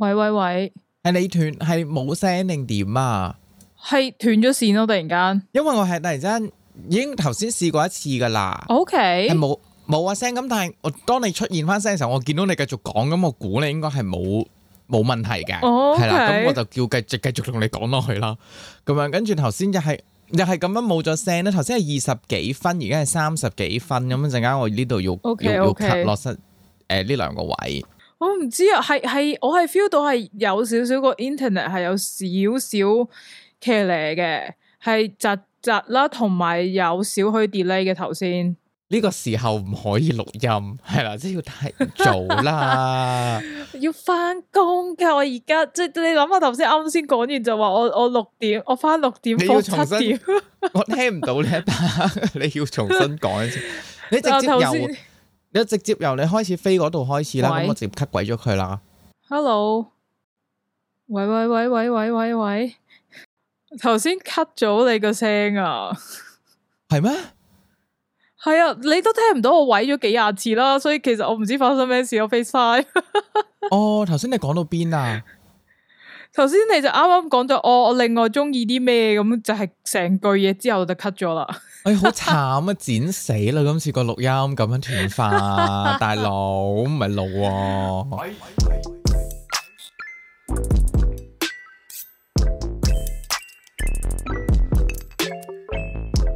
喂喂喂，係你斷係冇聲定點啊？係斷咗線咯、啊，突然間。因為我係突然間已經頭先試過一次噶啦。OK。係冇冇啊聲咁，但係我當你出現翻聲嘅時候，我見到你繼續講咁，我估你應該係冇冇問題嘅。Oh, okay。係啦，咁我就叫繼續繼續同你講落去啦。咁樣跟住頭先又係又係咁樣冇咗聲咧。頭先係二十幾分，而家係三十幾分咁，一陣間我呢度要 okay, okay. 要要 cut 落失誒呢兩個位。我唔知啊，係係我係 feel 到係有少少個 internet 係有少少奇嚟嘅，係窒窒啦，同埋有少許 delay 嘅頭先。呢個時候唔可以錄音，係啦，即係要提早啦。 要翻工，其實我而家即係你諗下頭先啱先講完就話我我六點我翻六點你要重新， 我聽唔到你啊， 你要重新講一次，你直接又。 你直接由你開始飛嗰度開始啦，咁喂我直接 cut 鬼咗佢啦。Hello，喂喂喂喂喂喂喂，頭先 cut 咗你個聲啊？係咩嗎？係啊，你都聽唔到我喂咗幾廿次啦，所以其實我唔知發生咩事，我飛晒。 哦，頭先你講到邊啊？頭先你就啱啱講咗，我、哦、我另外中意啲咩，咁就係成句嘢之後就 cut 咗啦， 哎，好慘啊，剪死啦，今次個錄音咁樣斷發， 大佬唔係路。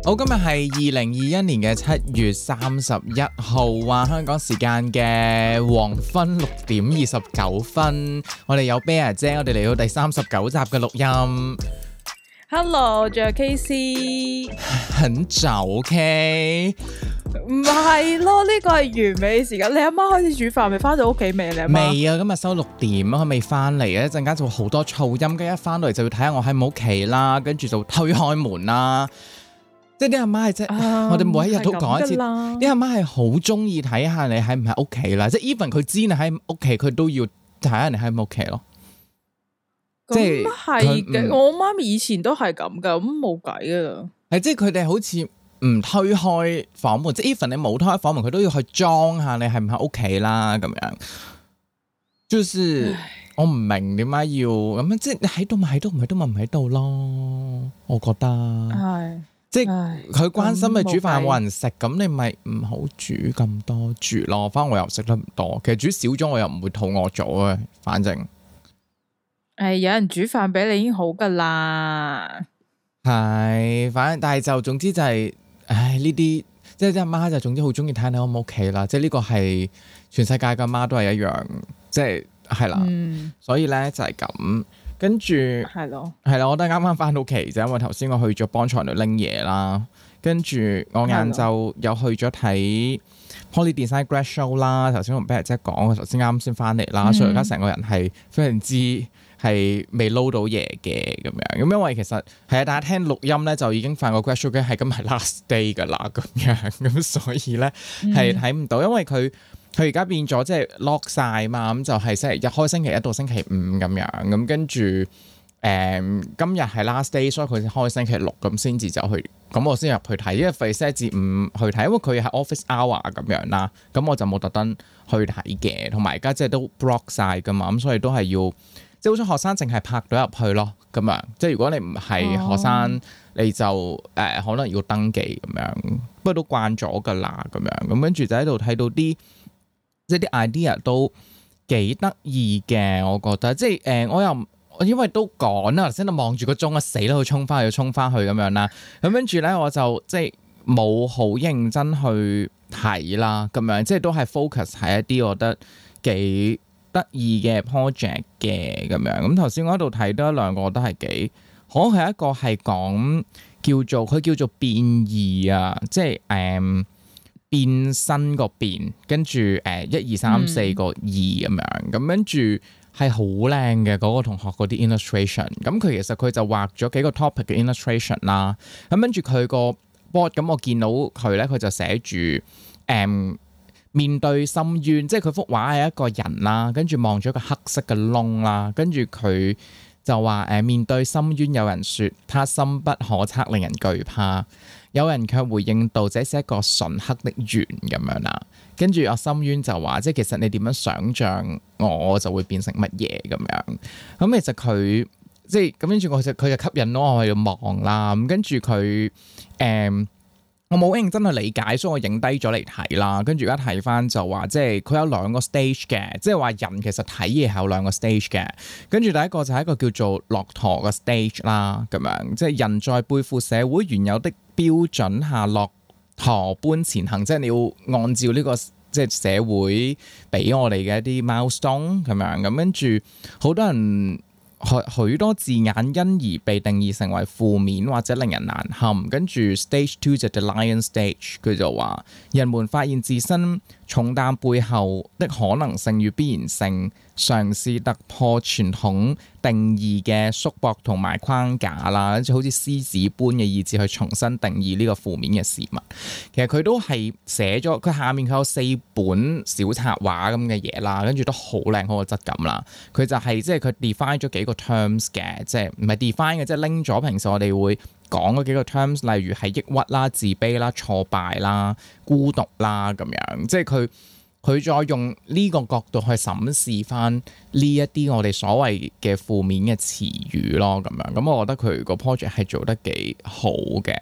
好，oh, 今日係二零二一年嘅七月三十一號啊，香港時間嘅黃昏六點二十九分，我哋有 bear 姐，我哋嚟到第三十九集嘅錄音。Hello，仲有 KC，很早，OK，唔係咯，呢個係完美時間。你阿媽開始煮飯未？翻到屋企未？你阿媽未啊？今日收六點啊，佢未翻嚟啊，一陣間就好多噪音。跟一翻到嚟就要睇下我喺唔喺屋企啦，跟住就推開門啦。即係啲阿媽係即係，啊、我哋每一日都講一次。啲阿媽係好中意睇下你喺唔喺屋企啦。即係 even 佢知你喺屋企，佢都要睇下你喺唔喺屋企咯。咁係嘅，她嗯、我媽咪以前都係咁噶，咁冇計啊。係即係佢哋好似唔推開房門，即係 even 你冇推開房門，佢都要去裝下你係唔喺屋企啦。咁樣，就是我唔明點解要咁唉樣，即係你喺度咪喺度，唔喺度咪唔喺度咯。我覺得係。即係佢唉關心煮飯錢你煮飯冇人食，咁你咪唔好煮咁多煮咯。反正我又食得唔多，其實煮少咗我又唔會肚餓咗嘅。反正，誒，有人煮飯俾你已經好噶啦。係，反，正但係就總之就係、是，唉，呢啲即係阿媽就是、媽媽總之好中意睇你喺唔喺屋企啦。即係呢個係全世界嘅媽都係一樣，即係係啦。嗯、所以咧就係咁。跟住係咯，係啦的，我都啱啱翻到屋企啫，因為頭先我去咗幫菜度拎嘢啦，跟住我晏晝又去咗睇 poly design grad show 啦。頭先同 Peter 姐講，頭先啱先翻嚟啦，嗯、所以而家成個人係非常之係未撈到嘢嘅咁樣。咁因為其實係啊，大家聽錄音咧就已經犯個 grad show 係今日 last day 噶啦，咁樣咁所以咧係睇唔到，嗯、因為佢。佢而家變咗即係 lock 曬嘛，咁就係星期一開星期一到星期五咁樣，咁跟住誒今日係 last day，所以佢開星期六咁先至走去，咁、嗯、我先入去睇，因為費事星期五去睇，因為佢係 office hour 咁樣啦，咁、嗯、我就冇特登去睇嘅，同埋而家即係都 block 晒噶嘛，咁所以都係要即係好似學生淨係拍到入去咯，咁樣即係如果你唔係學生，哦、你就誒、呃、可能要登記咁樣，不過都慣咗噶啦，咁樣咁跟住就喺度睇到啲。即啲 idea 都幾得意嘅，我覺得即係誒、呃，我又因為都趕啦，頭先都望住個鐘啊，死啦去衝翻去，衝翻去咁樣啦。咁跟住咧，我就即係冇好認真去睇啦，咁樣即係都係 focus 喺一啲我覺得幾得意嘅 project 嘅咁樣。咁頭先我喺度睇多一兩個，都係幾。可係一個係講叫做佢叫做變異啊，即係誒。呃變身個變，跟住誒一二三四個二咁樣，咁跟住係好靚嘅嗰個同學嗰啲 illustration。咁佢其實佢就畫咗幾個 topic 嘅 illustration 啦。咁跟住佢個 board，咁我見到佢咧，佢就寫住誒、嗯、面對深淵，即係佢幅畫係一個人啦，跟住望咗一個黑色嘅窿啦，跟住佢就話誒、欸、面對深淵，有人說他深不可測，令人懼怕。有人卻回應道，這是一個純黑的圓咁樣啦。跟住阿心冤就話，即係其實你點樣想象，我就會變成乜嘢咁樣。咁其實佢即係咁，跟住我就佢就吸引咗我去望啦。咁跟住佢誒，我冇認真去理解，所以我影低咗嚟睇啦。跟住而家睇返就話，即係佢有兩個 stage 嘅，即係話人其實睇嘢係有兩個 stage 嘅。跟住第一個就係一個叫做駱駝嘅 stage 啦，咁樣即係人在背負社會原有的標準下落河般前行，即係你要按照呢、這個即係社會俾我哋嘅一啲 milestone 咁樣，咁跟住好多人許許多字眼因而被定義成為負面或者令人難堪，跟住 stage two 就係 the lion stage，佢就話人們發現自身。重擔背後的可能性與必然性，嘗試突破傳統定義嘅束縛同埋框架啦，跟住好似獅子般嘅意志去重新定義呢個負面嘅事物。其實佢都係寫咗，佢下面佢有四本小插畫咁嘅嘢啦，跟住都好靚好嘅質感啦。佢就係、是、即係佢 define 咗幾個 terms 嘅，即係唔係 define 嘅，即係拎咗平時我哋會講嗰幾個 terms，例如係抑鬱啦、自卑啦、挫敗啦、孤獨啦咁樣，即係佢佢再用呢個角度去審視返呢一啲我哋所謂嘅負面嘅詞語咯，咁樣咁我覺得佢個 project 係做得幾好嘅，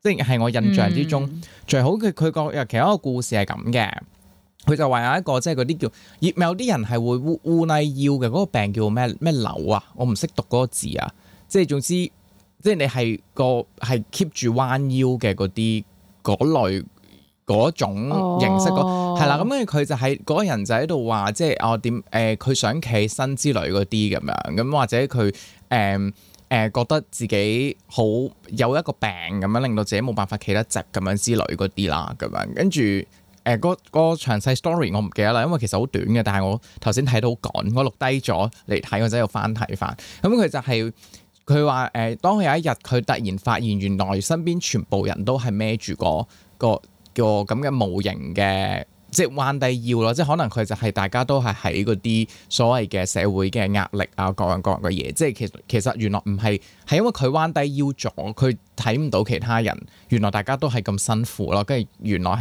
即係我印象之中、嗯、最好佢佢個有其他一個故事係咁嘅，佢就話有一個即係嗰啲叫有啲人係會烏烏內腰嘅嗰個病叫咩咩瘤啊，我唔識讀嗰個字啊，即係總之。即係你係個係 keep 住彎腰嘅嗰啲嗰類嗰種形式嗰，係啦、oh。咁跟住佢就係、是、嗰、個、人就喺度話，即係我點誒佢想企身之類嗰啲咁樣，咁或者佢誒誒覺得自己好有一個病咁樣，令到自己冇辦法企得直咁樣之類嗰啲啦咁樣。跟住誒個、嗰個詳細 story 我唔記得啦，因為其實好短嘅。但係我頭先睇到好趕，我錄低咗嚟睇，我再又翻睇翻。咁佢就係、是。佢話誒，當佢有一日佢突然發現，原來身邊全部人都係孭住個個個咁嘅模型嘅，即係彎低腰咯。即係可能佢就係、是、大家都係喺嗰啲所謂嘅社會嘅壓力啊，各樣各樣嘅嘢。即係其實其實原來唔係係因為佢彎低腰咗，佢睇唔到其他人。原來大家都係咁辛苦咯。跟住原來誒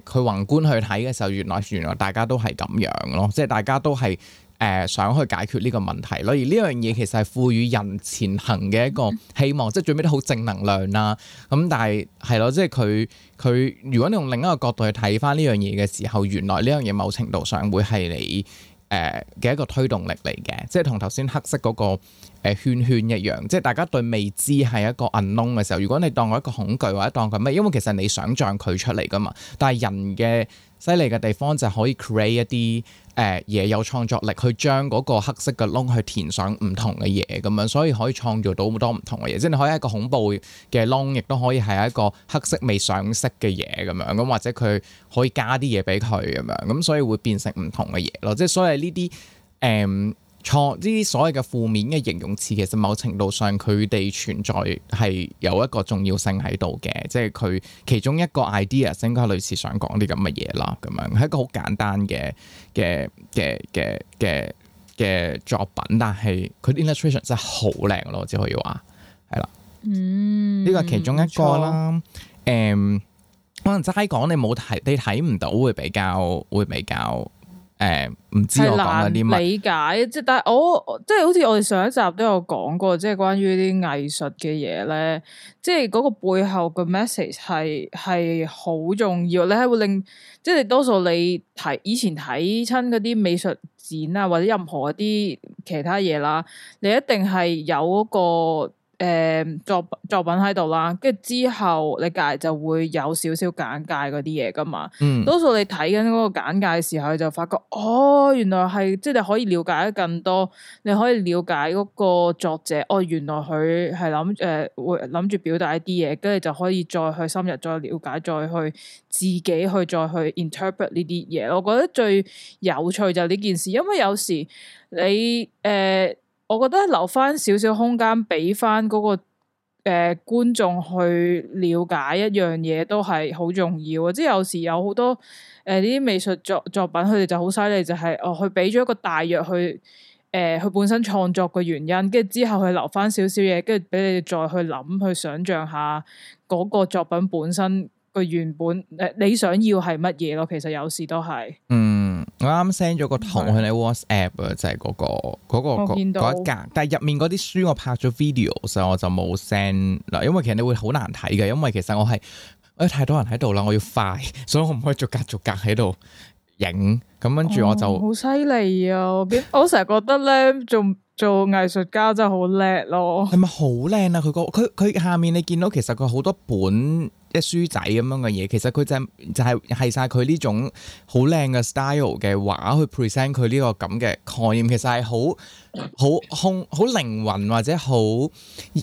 佢、呃、宏觀去睇嘅時候，原來原來大家都係咁樣咯。即係大家都係。誒、呃、想去解決呢個問題咯，而呢樣嘢其實係賦予人前行嘅一個希望，嗯、即係準備得好正能量啦。咁、嗯、但係係咯，即係佢佢如果你用另一個角度去睇返呢樣嘢嘅時候，原來呢樣嘢某程度上會係你誒嘅一個推動力嚟嘅，即係同頭先黑色嗰個誒圈圈一樣，即係大家對未知係一個 unknown 嘅時候，如果你當我一個恐懼或者當佢咩，因為其實你想象佢出嚟㗎嘛。但係人嘅犀利嘅地方就可以 create 一啲。誒嘢、呃、有創作力去將嗰個黑色嘅窿去填上唔同嘅嘢咁樣，所以可以創造到好多唔同嘅嘢。即係你可以係一個恐怖嘅窿，亦都可以係一個黑色未上色嘅嘢咁樣。咁或者佢可以加啲嘢俾佢咁樣，咁所以會變成唔同嘅嘢咯。即係所以呢啲誒。呃錯呢啲所謂嘅負面嘅形容詞，其實某程度上佢哋存在係有一個重要性喺度嘅，即係佢其中一個 ideas 應該類似想講啲咁嘅嘢啦，咁樣係一個好簡單嘅嘅嘅嘅嘅嘅作品，但係佢啲 illustration 真係好靚咯，我只可以話係啦。嗯，呢個係其中一個啦。誒、啊嗯，可能齋講你冇睇，你睇唔到會比較會比較。誒，唔、嗯、知我講啲乜理解，即係，但係我即係好似我哋上一集都有講過，即係關於啲藝術嘅嘢咧，即係嗰個背後嘅 message 係係好重要，你係會令即係你多數你睇以前睇親嗰啲美術展啊，或者任何一啲其他嘢啦，你一定係有嗰個。誒作、um, 作品喺度啦，跟住之後你隔籬，就會有少少簡介嗰啲嘢噶嘛。嗯、多數你睇緊嗰個簡介嘅時候，就發覺哦，原來係即係你可以了解得更多，你可以了解嗰個作者哦，原來佢係諗誒，會諗住表達一啲嘢，跟住就可以再去深入，再了解，再去自己去再去 interpret 呢啲嘢。我覺得最有趣就呢件事，因為有時你誒。呃我覺得留翻少少空間俾翻嗰個誒、呃、觀眾去了解一樣嘢都係好重要，即係有時有好多誒呢啲美術作作品，佢哋就好犀利，就係、是、哦，佢俾咗一個大約去誒，佢、呃、本身創作嘅原因，跟住之後佢留翻少少嘢，跟住俾你再去諗，去想象下嗰個作品本身個原本誒、呃，你想要係乜嘢咯？其實有時都係嗯。我啱啱 send 咗個圖去你 WhatsApp 啊是，就係嗰、嗰個嗰、嗰個一格，但係入面嗰啲書我拍咗 video，所以我就冇 send 嗱，因為其實你會好難睇嘅，因為其實我係誒太多人喺度啦，我要快，所以我唔可以逐格逐格喺度影，咁跟住我就、哦、好犀利啊！ 我我成日覺得咧仲。做藝術家真係好叻咯！係咪好靚啊？佢個佢佢下面你見到，其實佢好多本一書仔咁樣嘅嘢，其實佢就係、就係係晒佢呢種好靚嘅 style 嘅畫去 present 佢呢個咁嘅概念，其實係好好空好靈魂或者好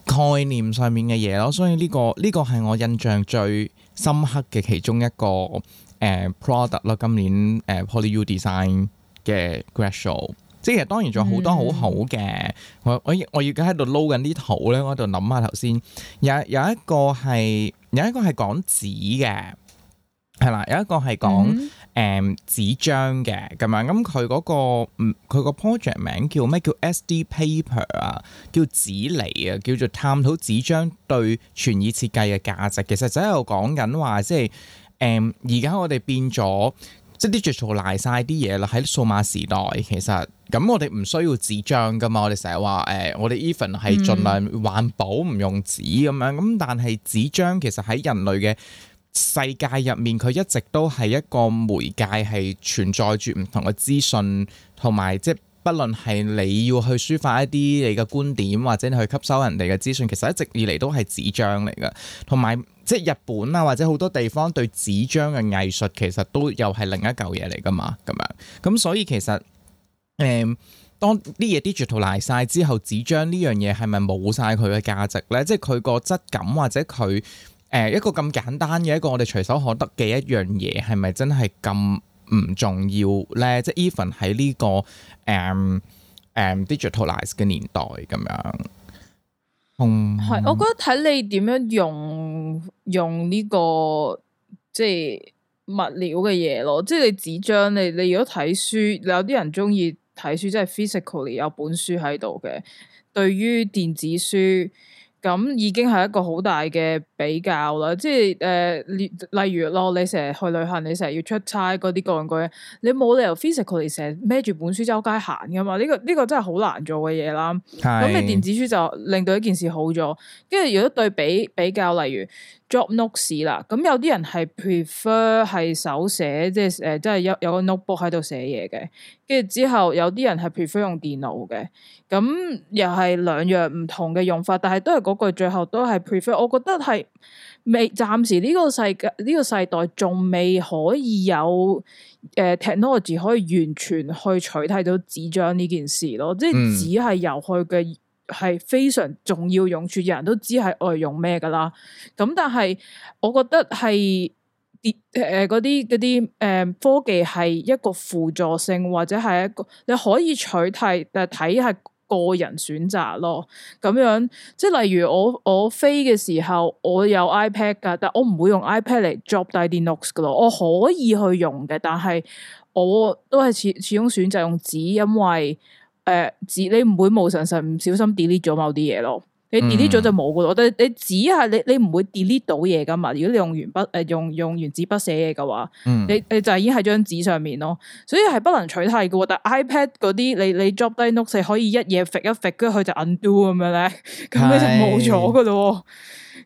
概念上面嘅嘢咯。所以呢、呢個呢、呢個係我印象最深刻嘅其中一個誒、呃、product 啦。今年誒、呃、PolyU Design 嘅 Grad Show 即係當然仲有好多好好嘅，我我我而家喺度撈緊啲圖咧，我喺度諗下。頭先有有一個係有一個係講紙嘅，係啦，有一個係講誒紙張嘅咁樣，咁佢嗰個佢個 project 名叫咩？叫 SD paper 啊，叫紙嚟啊，叫做探討紙張對傳意設計嘅價值。其實就喺度講緊話，即係誒而家我哋變咗。即係啲著數賴曬啲嘢啦，喺數碼時代其實咁，我哋唔需要紙張噶嘛，我哋成日話誒，我哋 even 係盡量環保唔用紙咁樣，咁但係紙張其實喺人類嘅世界入面，佢一直都係一個媒介，係存在住唔同嘅資訊同埋即不論係你要去抒發一啲你嘅觀點，或者你去吸收人哋嘅資訊，其實一直以嚟都係紙張嚟㗎。同埋即係日本啊，或者好多地方對紙張嘅藝術其實都又係另一嚿嘢嚟㗎嘛。咁樣咁，所以其實誒、嗯，當啲嘢 digital 嚟晒之後，紙張呢樣嘢係咪冇晒佢嘅價值咧？即係佢個質感或者佢誒、呃、一個咁簡單嘅一個我哋隨手可得嘅一樣嘢，係咪真係咁唔重要咧？即係 even 喺呢個。誒誒、um, um,，digitalize 嘅年代咁樣，嗯、um，係，我覺得睇你點樣用用呢個即係物料嘅嘢咯，即係你紙張，你你如果睇書，你有啲人中意睇書，即係 physically 有本書喺度嘅，對於電子書。咁已經係一個好大嘅比較啦，即係誒、呃，例如咯，你成日去旅行，你成日要出差嗰啲各種嘅嘢，你冇理由 physically 成日孭住本書周街行噶嘛？呢、這個呢、這個真係好難做嘅嘢啦。咁你是、嗯、電子書就令到一件事好咗，跟住如果對比比較，例如，job notes 啦，咁有啲人係 prefer 係手寫，即係誒，即係有有個 notebook 喺度寫嘢嘅。跟住之後有啲人係 prefer 用電腦嘅，咁又係兩樣唔同嘅用法，但係都係嗰句，最後都係 prefer。我覺得係未暫時呢個世呢個世代仲未可以有誒 technology 可以完全去取代到紙張呢件事咯，即係只係由去嘅。嗯係非常重要用處，人都知係愛用咩噶啦。咁但係我覺得係嗰啲啲誒科技係一個輔助性，或者係一個你可以取替，但係睇係個人選擇咯。咁樣即係例如我我飛嘅時候我有 iPad 噶，但我唔會用 iPad 嚟 drop 大啲 notes 噶咯。我可以去用嘅，但係我都係始始終選擇用紙，因為，誒，紙你唔會無神神唔小心 delete 咗某啲嘢咯？你 delete 咗就冇噶咯。得你紙係你你唔會 delete 到嘢噶嘛？如果你用鉛筆誒用用原子筆寫嘢嘅話，你你就已經喺張紙上面咯。所以係不能取替噶。但 iPad 嗰啲你你 drop 低 note 係可以一嘢揈一揈跟住佢就 undo 咁樣咧，咁你就冇咗噶咯。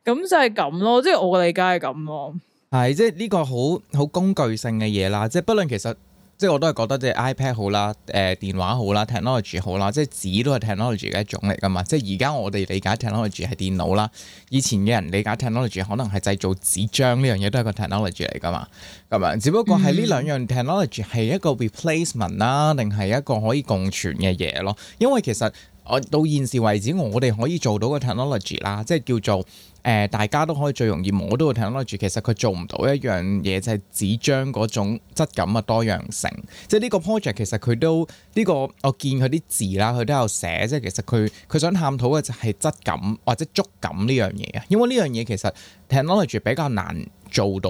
咁就係咁咯，即係我嘅理解係咁咯。係即係呢個好好工具性嘅嘢啦，即係不論其實。即係我都係覺得即係 iPad 好啦，誒、呃、電話好啦，technology 好啦，即係紙都係 technology 嘅一種嚟㗎嘛。即係而家我哋理解 technology 係電腦啦，以前嘅人理解 technology 可能係製造紙張呢樣嘢都係個 technology 嚟㗎嘛。咁樣，只不過係呢兩樣 technology 係一個 replacement 啦，定係一個可以共存嘅嘢咯。因為其實。我到現時為止，我哋可以做到個 technology 啦，即係叫做誒、呃，大家都可以最容易摸到嘅 technology。其實佢做唔到一樣嘢，就係紙張嗰種質感嘅多樣性，即係呢個 project 其實佢都呢、這個我見佢啲字啦，佢都有寫，即係其實佢佢想探討嘅就係質感或者觸感呢樣嘢啊。因為呢樣嘢其實 technology 比較難做到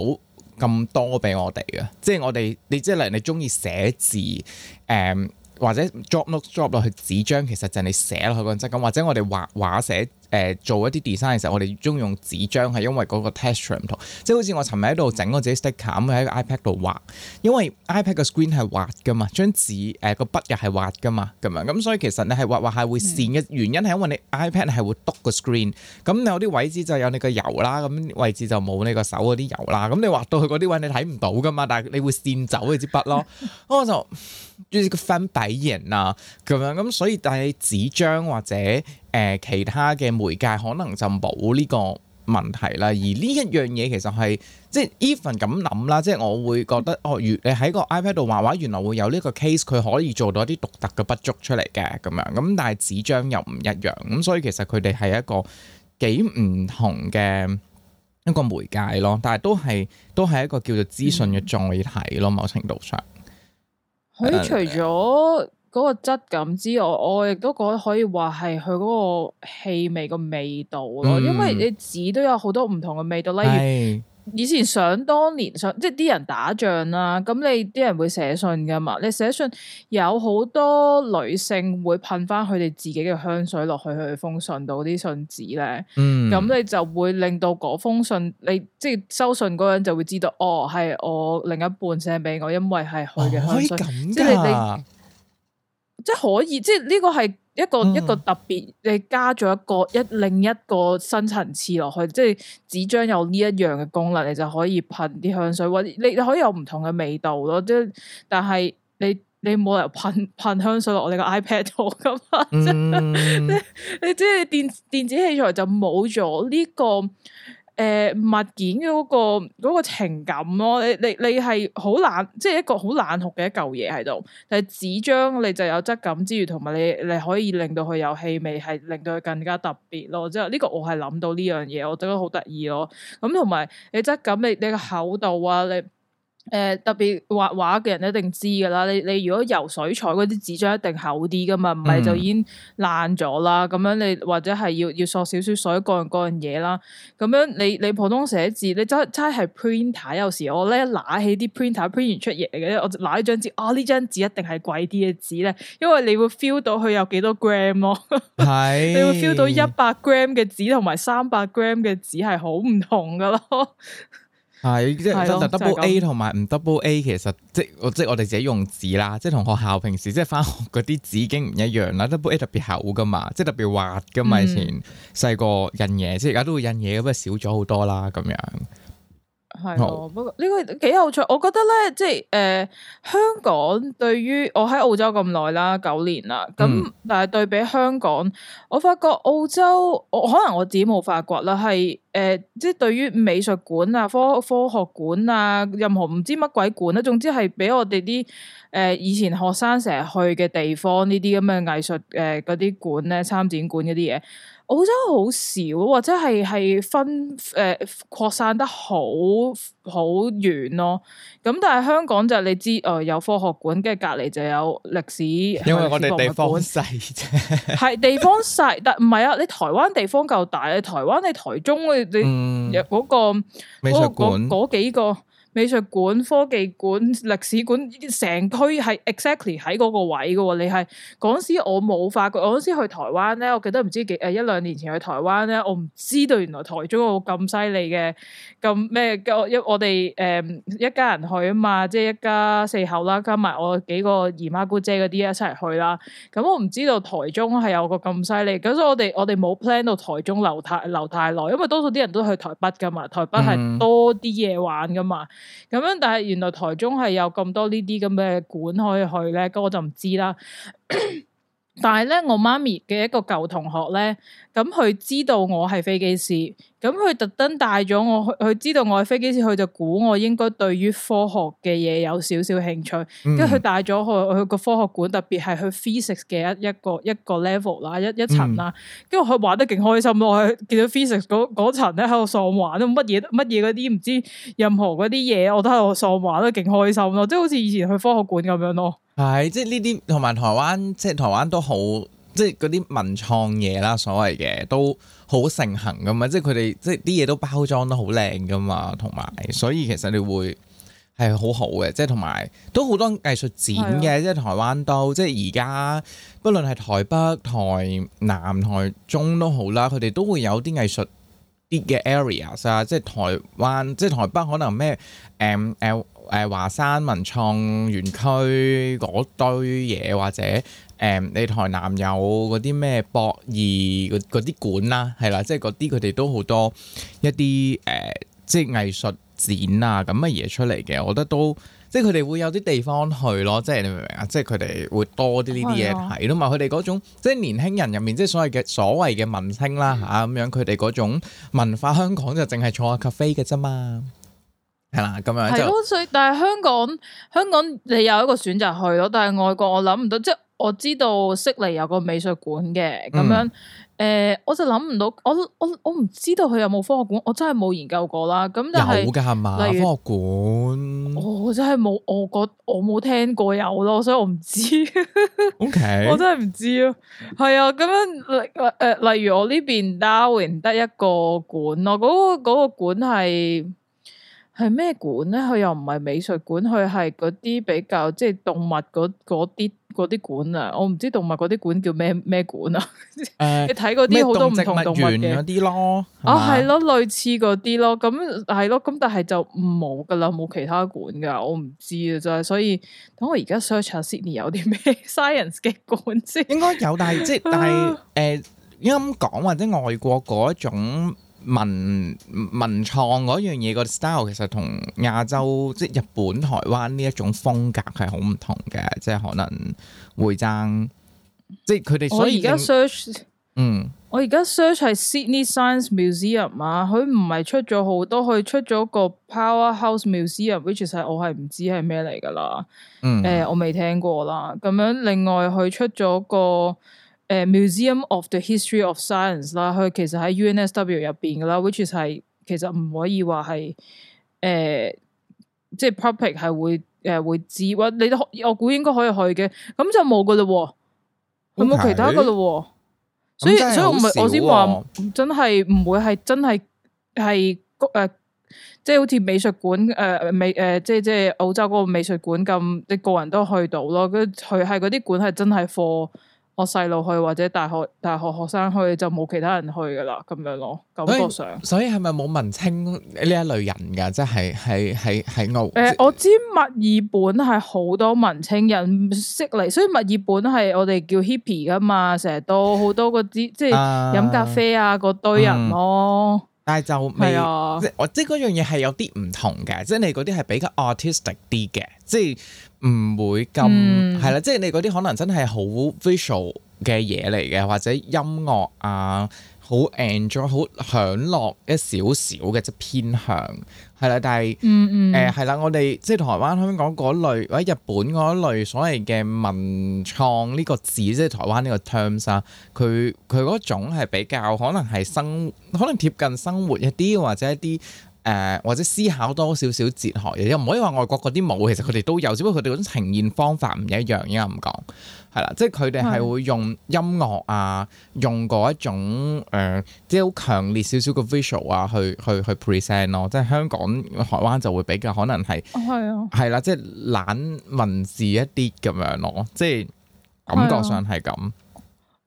咁多俾我哋嘅，即係我哋你即係例如你中意寫字誒。嗯或者 drop note drop 落去紙張，其實就係你寫落去嗰陣即係咁，或者我哋畫畫寫。誒做一啲 design 嘅時候，我哋鍾意用紙張係因為嗰個 texture 唔同，即係好似我尋日喺度整個自己 sticker 咁喺 iPad 度畫，因為 iPad 嘅 screen 係滑噶嘛，張紙誒個、呃、筆又係滑噶嘛，咁樣咁所以其實你係畫畫係會線嘅原因係、嗯、因為你 iPad 係會篤個 screen，咁有啲位置就有你個油啦，咁位置就冇你個手嗰啲油啦，咁你畫到去嗰啲位你睇唔到噶嘛，但係你會線走你支筆咯，咁 我就於是個翻白眼啊咁樣，咁所以但係紙張或者。誒其他嘅媒介可能就冇呢個問題啦，而呢一樣嘢其實係即係 even 咁諗啦，即係我會覺得哦，如你喺個 iPad 度畫畫，原來會有呢個 case，佢可以做到一啲獨特嘅筆觸出嚟嘅咁樣，咁但係紙張又唔一樣，咁所以其實佢哋係一個幾唔同嘅一個媒介咯，但係都係都係一個叫做資訊嘅載體咯，嗯、某程度上佢除咗。嗰個質感之外，我亦都講可以話係佢嗰個氣味個味道咯，嗯、因為你紙都有好多唔同嘅味道。是 例如以前想當年想，即係啲人打仗啦、啊，咁你啲人會寫信㗎嘛？你寫信有好多女性會噴返佢哋自己嘅香水落去佢封信度啲信紙咧。嗯，咁你就會令到嗰封信，你即係收信嗰個人就會知道，哦，係我另一半寫俾我，因為係佢嘅香水。可以咁噶？即係可以，即係呢個係一個、嗯、一個特別，你加咗一個一另一個新層次落去，即係紙張有呢一樣嘅功能，你就可以噴啲香水，或者你可以有唔同嘅味道咯。即係但係你你冇理由噴噴香水落我哋個 iPad 度咁啊！即係、嗯、 你即係電電子器材就冇咗呢個。誒、呃、物件嘅嗰個嗰個情感咯，你你你係好冷，即係一個好冷酷嘅一嚿嘢喺度，但係紙張，你就有質感之餘，同埋你你可以令到佢有氣味，係令到佢更加特別咯。之後呢個我係諗到呢樣嘢，我覺得好得意咯。咁同埋你質感，你你個厚度啊，你。誒、呃，特別畫畫嘅人一定知噶啦。你你如果油水彩嗰啲紙張一定厚啲噶嘛，唔係、嗯、就已經爛咗啦。咁樣你或者係要要索少少水，各樣各樣嘢啦。咁樣你你普通寫字，你真真係 printer 有時我呢拿起啲 printer print 完出嘢嚟嘅，我攞張紙啊，呢張紙一定係貴啲嘅紙呢，因為你會 feel 到佢有幾多 gram 咯、啊。係 是 你會 feel 到一百 gram 嘅紙同埋三百 gram 嘅紙係好唔同噶咯。係即係就 double A 同埋唔 double A，其實即係即係我哋自己用紙啦，即係同學校平時即係翻學嗰啲紙已經唔一樣啦。double A 特別厚噶嘛，即係特別滑噶嘛、嗯、以前細個印嘢，即係而家都會印嘢，咁啊少咗好多啦咁樣。係哦、嗯好，不過呢個幾有趣，我覺得咧即係誒、呃、香港對於我喺澳洲咁耐啦，九年啦，咁但係對比香港，我發覺澳洲我可能我自己冇發覺啦，係。誒、呃，即係對於美術館啊、科科學館啊、任何唔知乜鬼館啦、啊，總之係俾我哋啲誒以前學生成日去嘅地方呢啲咁嘅藝術誒嗰啲館咧、啊、參展館嗰啲嘢，我覺得好少、啊，或者係係分誒、呃、擴散得好好遠咯，咁、哦、但係香港就你知，誒、呃、有科學館，跟住隔籬就有歷史。因為我哋地方細啫，係地方細， 但唔係啊！你台灣地方夠大，你台灣你台中嘅你嗰、嗰個、嗯嗰個、美術館嗰幾個。美術館、科技館、歷史館，成區係 exactly 喺嗰個位嘅喎。你係嗰時我冇發覺，嗰時去台灣咧，我記得唔知幾誒一兩年前去台灣咧，我唔知道原來台中有咁犀利嘅，咁咩？我我哋誒、嗯、一家人去啊嘛，即係一家四口啦，加埋我幾個姨媽姑姐嗰啲一齊去啦。咁我唔知道台中係有個咁犀利，咁所以我哋我哋冇 plan 到台中留太留太耐，因為多數啲人都去台北㗎嘛，台北係多啲嘢玩㗎嘛。嗯咁樣，但係原來台中係有咁多呢啲咁嘅館可以去咧，咁我就唔知啦。 但係咧，我媽咪嘅一個舊同學咧，咁佢知道我係飛機師，咁佢特登帶咗我去，佢知道我係飛機師，佢就估我應該對於科學嘅嘢有少少興趣，跟住佢帶咗去去個科學館，特別係去 physics 嘅一一個一個 level 啦，一一層啦，跟住佢玩得勁開心咯，我係見到 physics 嗰嗰層咧喺度喪玩，乜嘢乜嘢嗰啲唔知任何嗰啲嘢，我都喺度喪玩都勁開心咯，即係好似以前去科學館咁樣咯。係，即係呢啲同埋台灣，即係台灣都好，即係嗰啲文創嘢啦，所謂嘅都好盛行噶嘛，即係佢哋即係啲嘢都包裝得好靚噶嘛，同埋所以其實你會係好好嘅，即係同埋都好多藝術展嘅，的即係台灣都，即係而家不論係台北、台南、台中都好啦，佢哋都會有啲藝術啲嘅 area 啊，即係台灣，即係台北可能咩 M L。誒、呃、華山文創園區嗰堆嘢，或者誒、呃、你台南有嗰啲咩博二嗰啲館啦，係啦，即係嗰啲佢哋都好多一啲誒、呃，即係藝術展啊咁嘅嘢出嚟嘅，我覺得都即係佢哋會有啲地方去咯，即係你明唔明啊？即係佢哋會多啲呢啲嘢睇咯嘛，佢哋嗰種即係年輕人入面，即係所謂嘅所謂嘅文青啦嚇咁樣，佢哋嗰種文化，香港就淨係坐下 cafe 嘅啫嘛。係啦，咁樣就係咯。所以但係香港，香港你有一個選擇去咯。但係外國，我諗唔到。即係我知道悉尼有個美術館嘅，咁樣誒、嗯呃，我就諗唔到。我我我唔知道佢有冇科學館。我真係冇研究過啦。咁但係有噶嘛，例如科學館？哦，我真係冇。我覺我冇聽過有咯，所以我唔知。 OK，我真係唔知咯。係啊，咁樣誒、呃、例如我呢邊 Darwin 得一個館咯，嗰、嗰個嗰、嗰個館係。那個係咩館咧？佢又唔係美術館，佢係嗰啲比較即係動物嗰啲嗰啲館啊！我唔知動物嗰啲館叫咩咩館啊？ 你睇過啲好多唔同動物嘅嗰啲咯？呃、啊，係咯吧，類似嗰啲咯，咁係咯，咁但係就冇噶啦，冇其他館噶，我唔知啊真係。所以等我而家 search 下 Sydney 有啲咩 science 嘅館先。應該有，但係即係但係誒，應該咁講，或者外國嗰一種。文文創嗰樣嘢個 style 其實同亞洲即係日本、台灣呢一種風格係好唔同嘅，即係可能會爭。即係佢哋，我而家 search，嗯，我而家 search 係 Sydney Science Museum 啊，佢唔係出咗好多，佢出咗個 Powerhouse Museum，which 係我係唔知係咩嚟噶啦，嗯，誒、呃、我未聽過啦。咁樣另外佢出咗個。誒、uh, Museum of the History of Science 啦，佢其實喺 UNSW 入邊噶啦，which is 係其實唔可以話係誒，即係 public 係會誒、呃、會知，或者你都我估應該可以去嘅。咁就冇噶啦，有冇其他噶啦？所以所以我咪我先話，真係唔會係真係係誒，即係好似美術館誒美誒即係即係澳洲嗰個美術館咁，你個人都去到咯，佢係嗰啲館係真係貨。我細路去或者大學大學學生去就冇其他人去噶啦，咁樣咯，感覺上所以係咪冇文青呢一類人噶？即係喺喺喺澳。誒、呃，我知墨爾本係好多文青人認識嚟，所以墨爾本係我哋叫 hippy 噶嘛，成日都好多嗰啲即係飲咖啡啊嗰堆人咯。嗯嗯、但係就唔係，啊、即我即嗰樣嘢係有啲唔同嘅，即係你嗰啲係比較 artistic 啲嘅，即係。唔會咁係啦，即係你嗰啲可能真係好 visual 嘅嘢嚟嘅，或者音樂啊，好 enjoy 好享樂一少少嘅即偏向係啦。但係嗯嗯誒係啦，我哋即係台灣香港嗰類或者日本嗰類所謂嘅文創呢個字，即係台灣呢個 terms 啊，佢佢嗰種係比較可能係生，可能貼近生活一啲，或者一啲。誒或者思考多少少哲學嘅，又唔可以話外國嗰啲冇，其實佢哋都有，只不過佢哋嗰種呈現方法唔一樣，應該唔講，係啦，即係佢哋係會用音樂啊，用嗰一種誒是的、呃、即係好強烈少少嘅 visual 啊，去去去 present 咯，即係香港、台灣就會比較可能係係啊，係啦是的，即係懶文字一啲咁樣咯，即係感覺上係咁。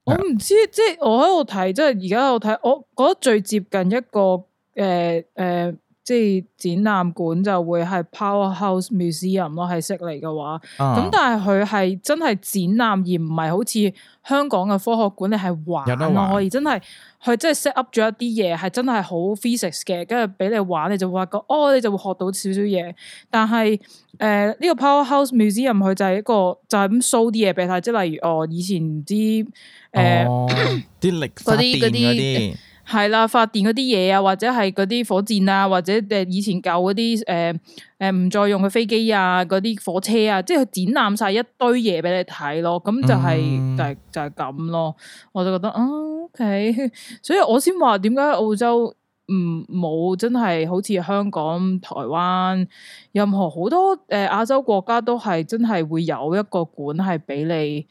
我唔知，即係我喺度睇，即係而家喺度睇，我覺得最接近一個誒誒。呃呃呃即展覽館就會係 Powerhouse Museum 咯，係識嚟嘅話，咁、uh huh. 但係佢係真係展覽而唔係好似香港嘅科學館，你係玩可以真係佢真係 set up 咗一啲嘢，係真係好 physics 嘅，跟住俾你玩，你就會講，哦，你就會學到少少嘢。但係誒呢個 Powerhouse Museum 佢就係一個就係咁 show 啲嘢俾佢，即例如哦以前啲誒啲歷史嗰啲。 係啦，發電嗰啲嘢啊，或者係嗰啲火箭啊，或者誒以前舊嗰啲誒誒唔再用嘅飛機啊，嗰啲火車啊，即係展覽晒一堆嘢俾你睇咯。咁就係、是嗯、就係、是、就係、是、咁咯。我就覺得啊、哦、OK，所以我先話點解澳洲唔冇真係好似香港、台灣任何好多誒亞、呃、洲國家都係真係會有一個館係俾你。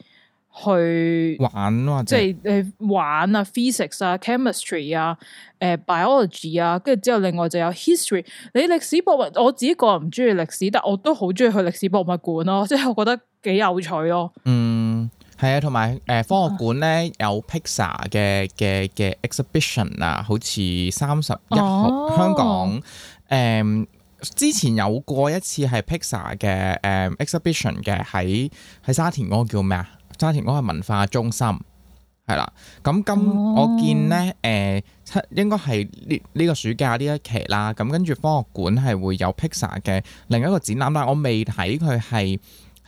去玩,去玩即係你玩啊，physics 啊，chemistry 啊，誒，biology 啊，跟住之後，另外就有 history。你歷史博物，我自己個人唔中意歷史，但我都好中意去歷史博物館咯、啊，即係我覺得幾有趣咯。嗯，係啊，同埋誒，科學館咧有 Pixar 嘅嘅嘅 exhibition 啊，好似三十一號、啊、香港誒、嗯，之前有過一次係 Pixar 嘅誒、嗯、exhibition 嘅喺喺沙田嗰、嗰個叫咩啊？沙田嗰個文化中心，係啦，咁今我見咧，誒、oh. 呃、七應該係呢呢個暑假呢一期啦，咁跟住科學館係會有披薩嘅另一個展覽啦，我未睇佢係。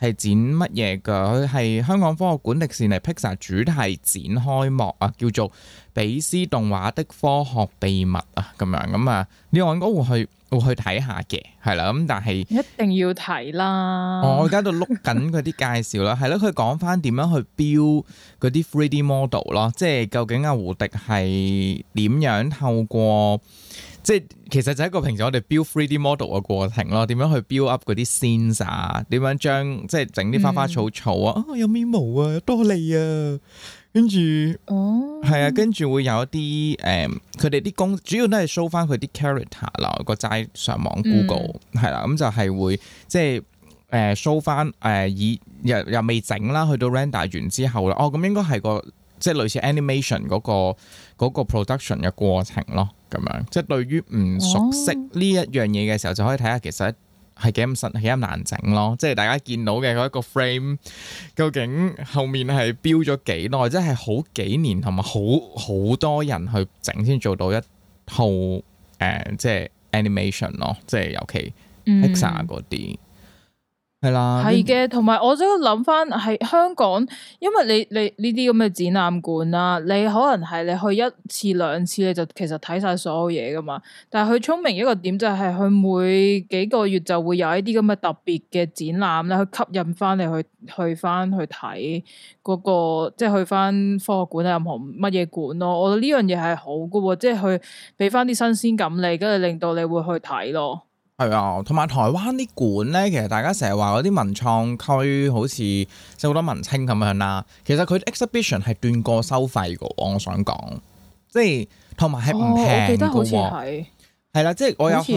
係展乜嘢噶？佢係香港科學館迪士尼 Pixar 主題展開幕啊，叫做《比斯動畫的科學秘密》啊，咁樣咁啊，你應該會去會去睇下嘅，係啦。咁但係一定要睇啦！ 哦、我而家都碌緊嗰啲介紹啦，係咯，佢講翻點樣去標嗰啲 3D model 咯，即係究竟阿、啊、胡迪係點樣透過？即係其實就係一個平時我哋 build 3D model 嘅過程咯，點樣去 build up 嗰啲 scene，點樣將即係整啲花花草草、嗯、啊，啊有眉毛啊，有多利啊，跟住哦係、嗯、啊，跟住會有一啲誒，佢哋啲工主要都係 show 翻佢啲 character 啦，個齋上網 Google 係啦、嗯，咁、啊、就係會即係誒 show 翻誒已又又未整啦，去到 render 完之後咧，哦、啊、咁應該係個即係類似 animation 嗰、那個。嗰個 production 嘅過程咯，咁樣即係對於唔熟悉呢、oh? 一樣嘢嘅時候，就可以睇下其實係幾咁神，幾咁難整咯。即係大家見到嘅嗰一個 frame，究竟後面係標咗幾耐，即係好幾年同埋好好多人去整先做到一套誒、呃，即係 animation 咯。即係尤其 hexa 嗰啲。Mm hmm. 係啦，係嘅，同埋我都諗翻，係香港，因為你你呢啲咁嘅展覽館啦，你可能係你去一次兩次，你就其實睇晒所有嘢噶嘛。但係佢聰明一個點就係佢每幾個月就會有一啲咁嘅特別嘅展覽啦，去吸引翻你去去翻去睇嗰個，即係去翻科學館啊，任何乜嘢館咯。我覺得呢樣嘢係好噶，即係去俾翻啲新鮮感你，跟住令到你會去睇咯。係啊，同埋台灣啲館咧，其實大家成日話嗰啲文創區好似即好多文青咁樣啦。其實佢 exhibition 係斷過收費噶喎，我想講、哦啊，即係同埋係唔平噶喎。係啦，即係我有去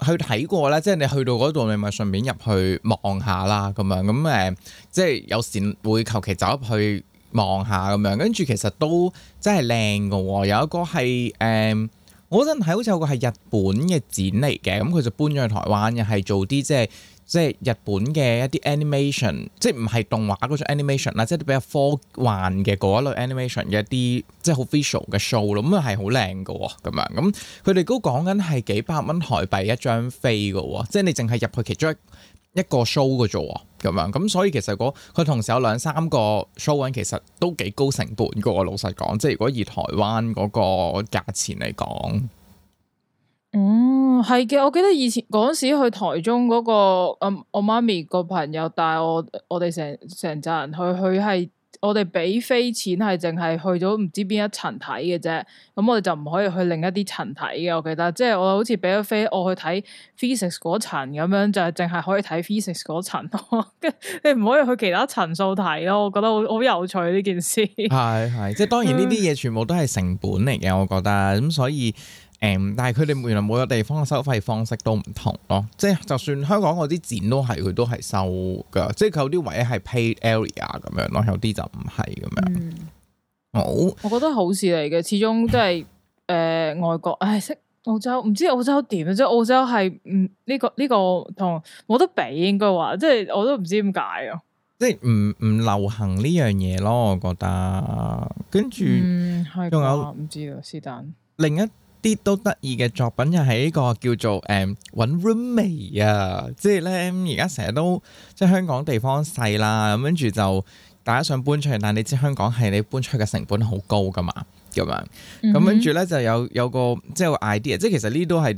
去睇過啦，即係你去到嗰度，你咪順便入去望下啦咁樣。咁、嗯、誒，即係有時會求其走入去望下咁樣，跟住其實都真係靚噶喎。有一個係誒。嗯我嗰陣係好似有個係日本嘅展嚟嘅，咁佢就搬咗去台灣，又係做啲即係即係日本嘅一啲 animation，即係唔係動畫嗰種 animation 啦，即係啲比較科幻嘅嗰一類 animation 嘅一啲即係好 visual 嘅 show 咯，咁係好靚嘅喎，咁樣咁佢哋都講緊係幾百蚊台幣一張飛嘅喎，即係你淨係入去其中一一個 show 嘅啫喎。咁樣咁，所以其實佢同時有兩三個 show run，其實都幾高成本噶喎。老實講，即係如果以台灣嗰個價錢嚟講，嗯，係嘅。我記得以前嗰時去台中嗰、嗰個、嗯，我媽咪個朋友帶我，我哋成成扎人去，去係。我哋俾飛錢係淨係去咗唔知邊一層睇嘅啫，咁我哋就唔可以去另一啲層睇嘅。我記得，即係我好似俾咗飛，我去睇 physics 嗰層咁樣，就係淨係可以睇 physics 嗰層， 你唔可以去其他層數睇咯。我覺得好好有趣呢件事。係 係，即係當然呢啲嘢全部都係成本嚟嘅， 我覺得咁、嗯、所以。誒、嗯，但係佢哋原來每個地方嘅收費方式都唔同咯，即係就算香港嗰啲展都係佢都係收噶，即係佢有啲位係 paid area 咁樣，有啲就唔係咁樣。好、嗯，哦、我覺得好事嚟嘅，始終都係誒外國，唉，識澳洲，唔知澳洲點啊？即係澳洲係唔呢個呢、這個同我都俾應該話，即係我都唔知點解啊，即係唔唔流行呢樣嘢咯，我覺得。跟住仲有唔知啊，是但有另一。啲都得意嘅作品又喺呢個叫做誒揾 roommate 啊，就是、呢即係咧而家成日都即係香港地方細啦，咁跟住就大家想搬出去，但你知香港係你搬出去嘅成本好高噶嘛，咁樣咁跟住咧就有有個即係 idea，即係其實呢都係啲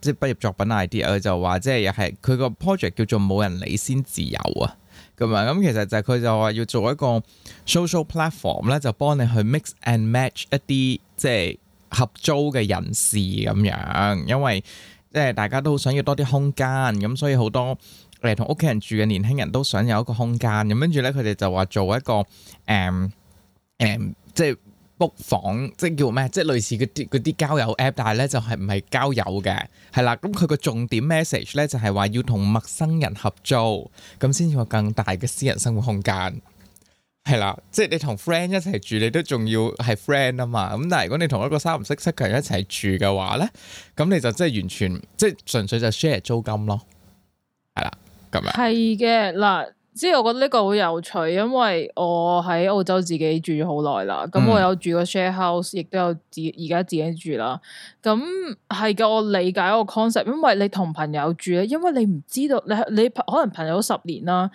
即係畢業作品 idea，佢就話即係又係佢個 project 叫做冇人理先自由啊，咁啊咁其實就佢就話要做一個 social platform 咧，就幫你去 mix and match 一啲即係。合租嘅人士咁樣，因為即係大家都好想要多啲空間，咁所以好多嚟同屋企人住嘅年輕人都想有一個空間，咁跟住咧佢哋就話做一個誒誒、嗯嗯，即係 book 房，即係叫咩？即係類似嗰啲啲交友 app，但係咧就係唔係交友嘅，係啦。咁佢個重點 message 咧就係、是、話要同陌生人合租，咁先有更大嘅私人生活空間。係啦，即係你同 friend 一齊住，你都仲要係 friend 啊嘛。咁但係如果你同一個三唔識七嘅人一齊住嘅話咧，咁你就真係完全即係純粹就 share 租金咯。係啦，咁樣。係嘅，嗱，即係我覺得呢個好有趣，因為我喺澳洲自己住咗好耐啦。咁、嗯、我有住過 share house，亦都有自而家自己住啦。咁係嘅，我理解個 concept，因為你同朋友住咧，因為你唔知道你你，你，你可能朋友十年啦。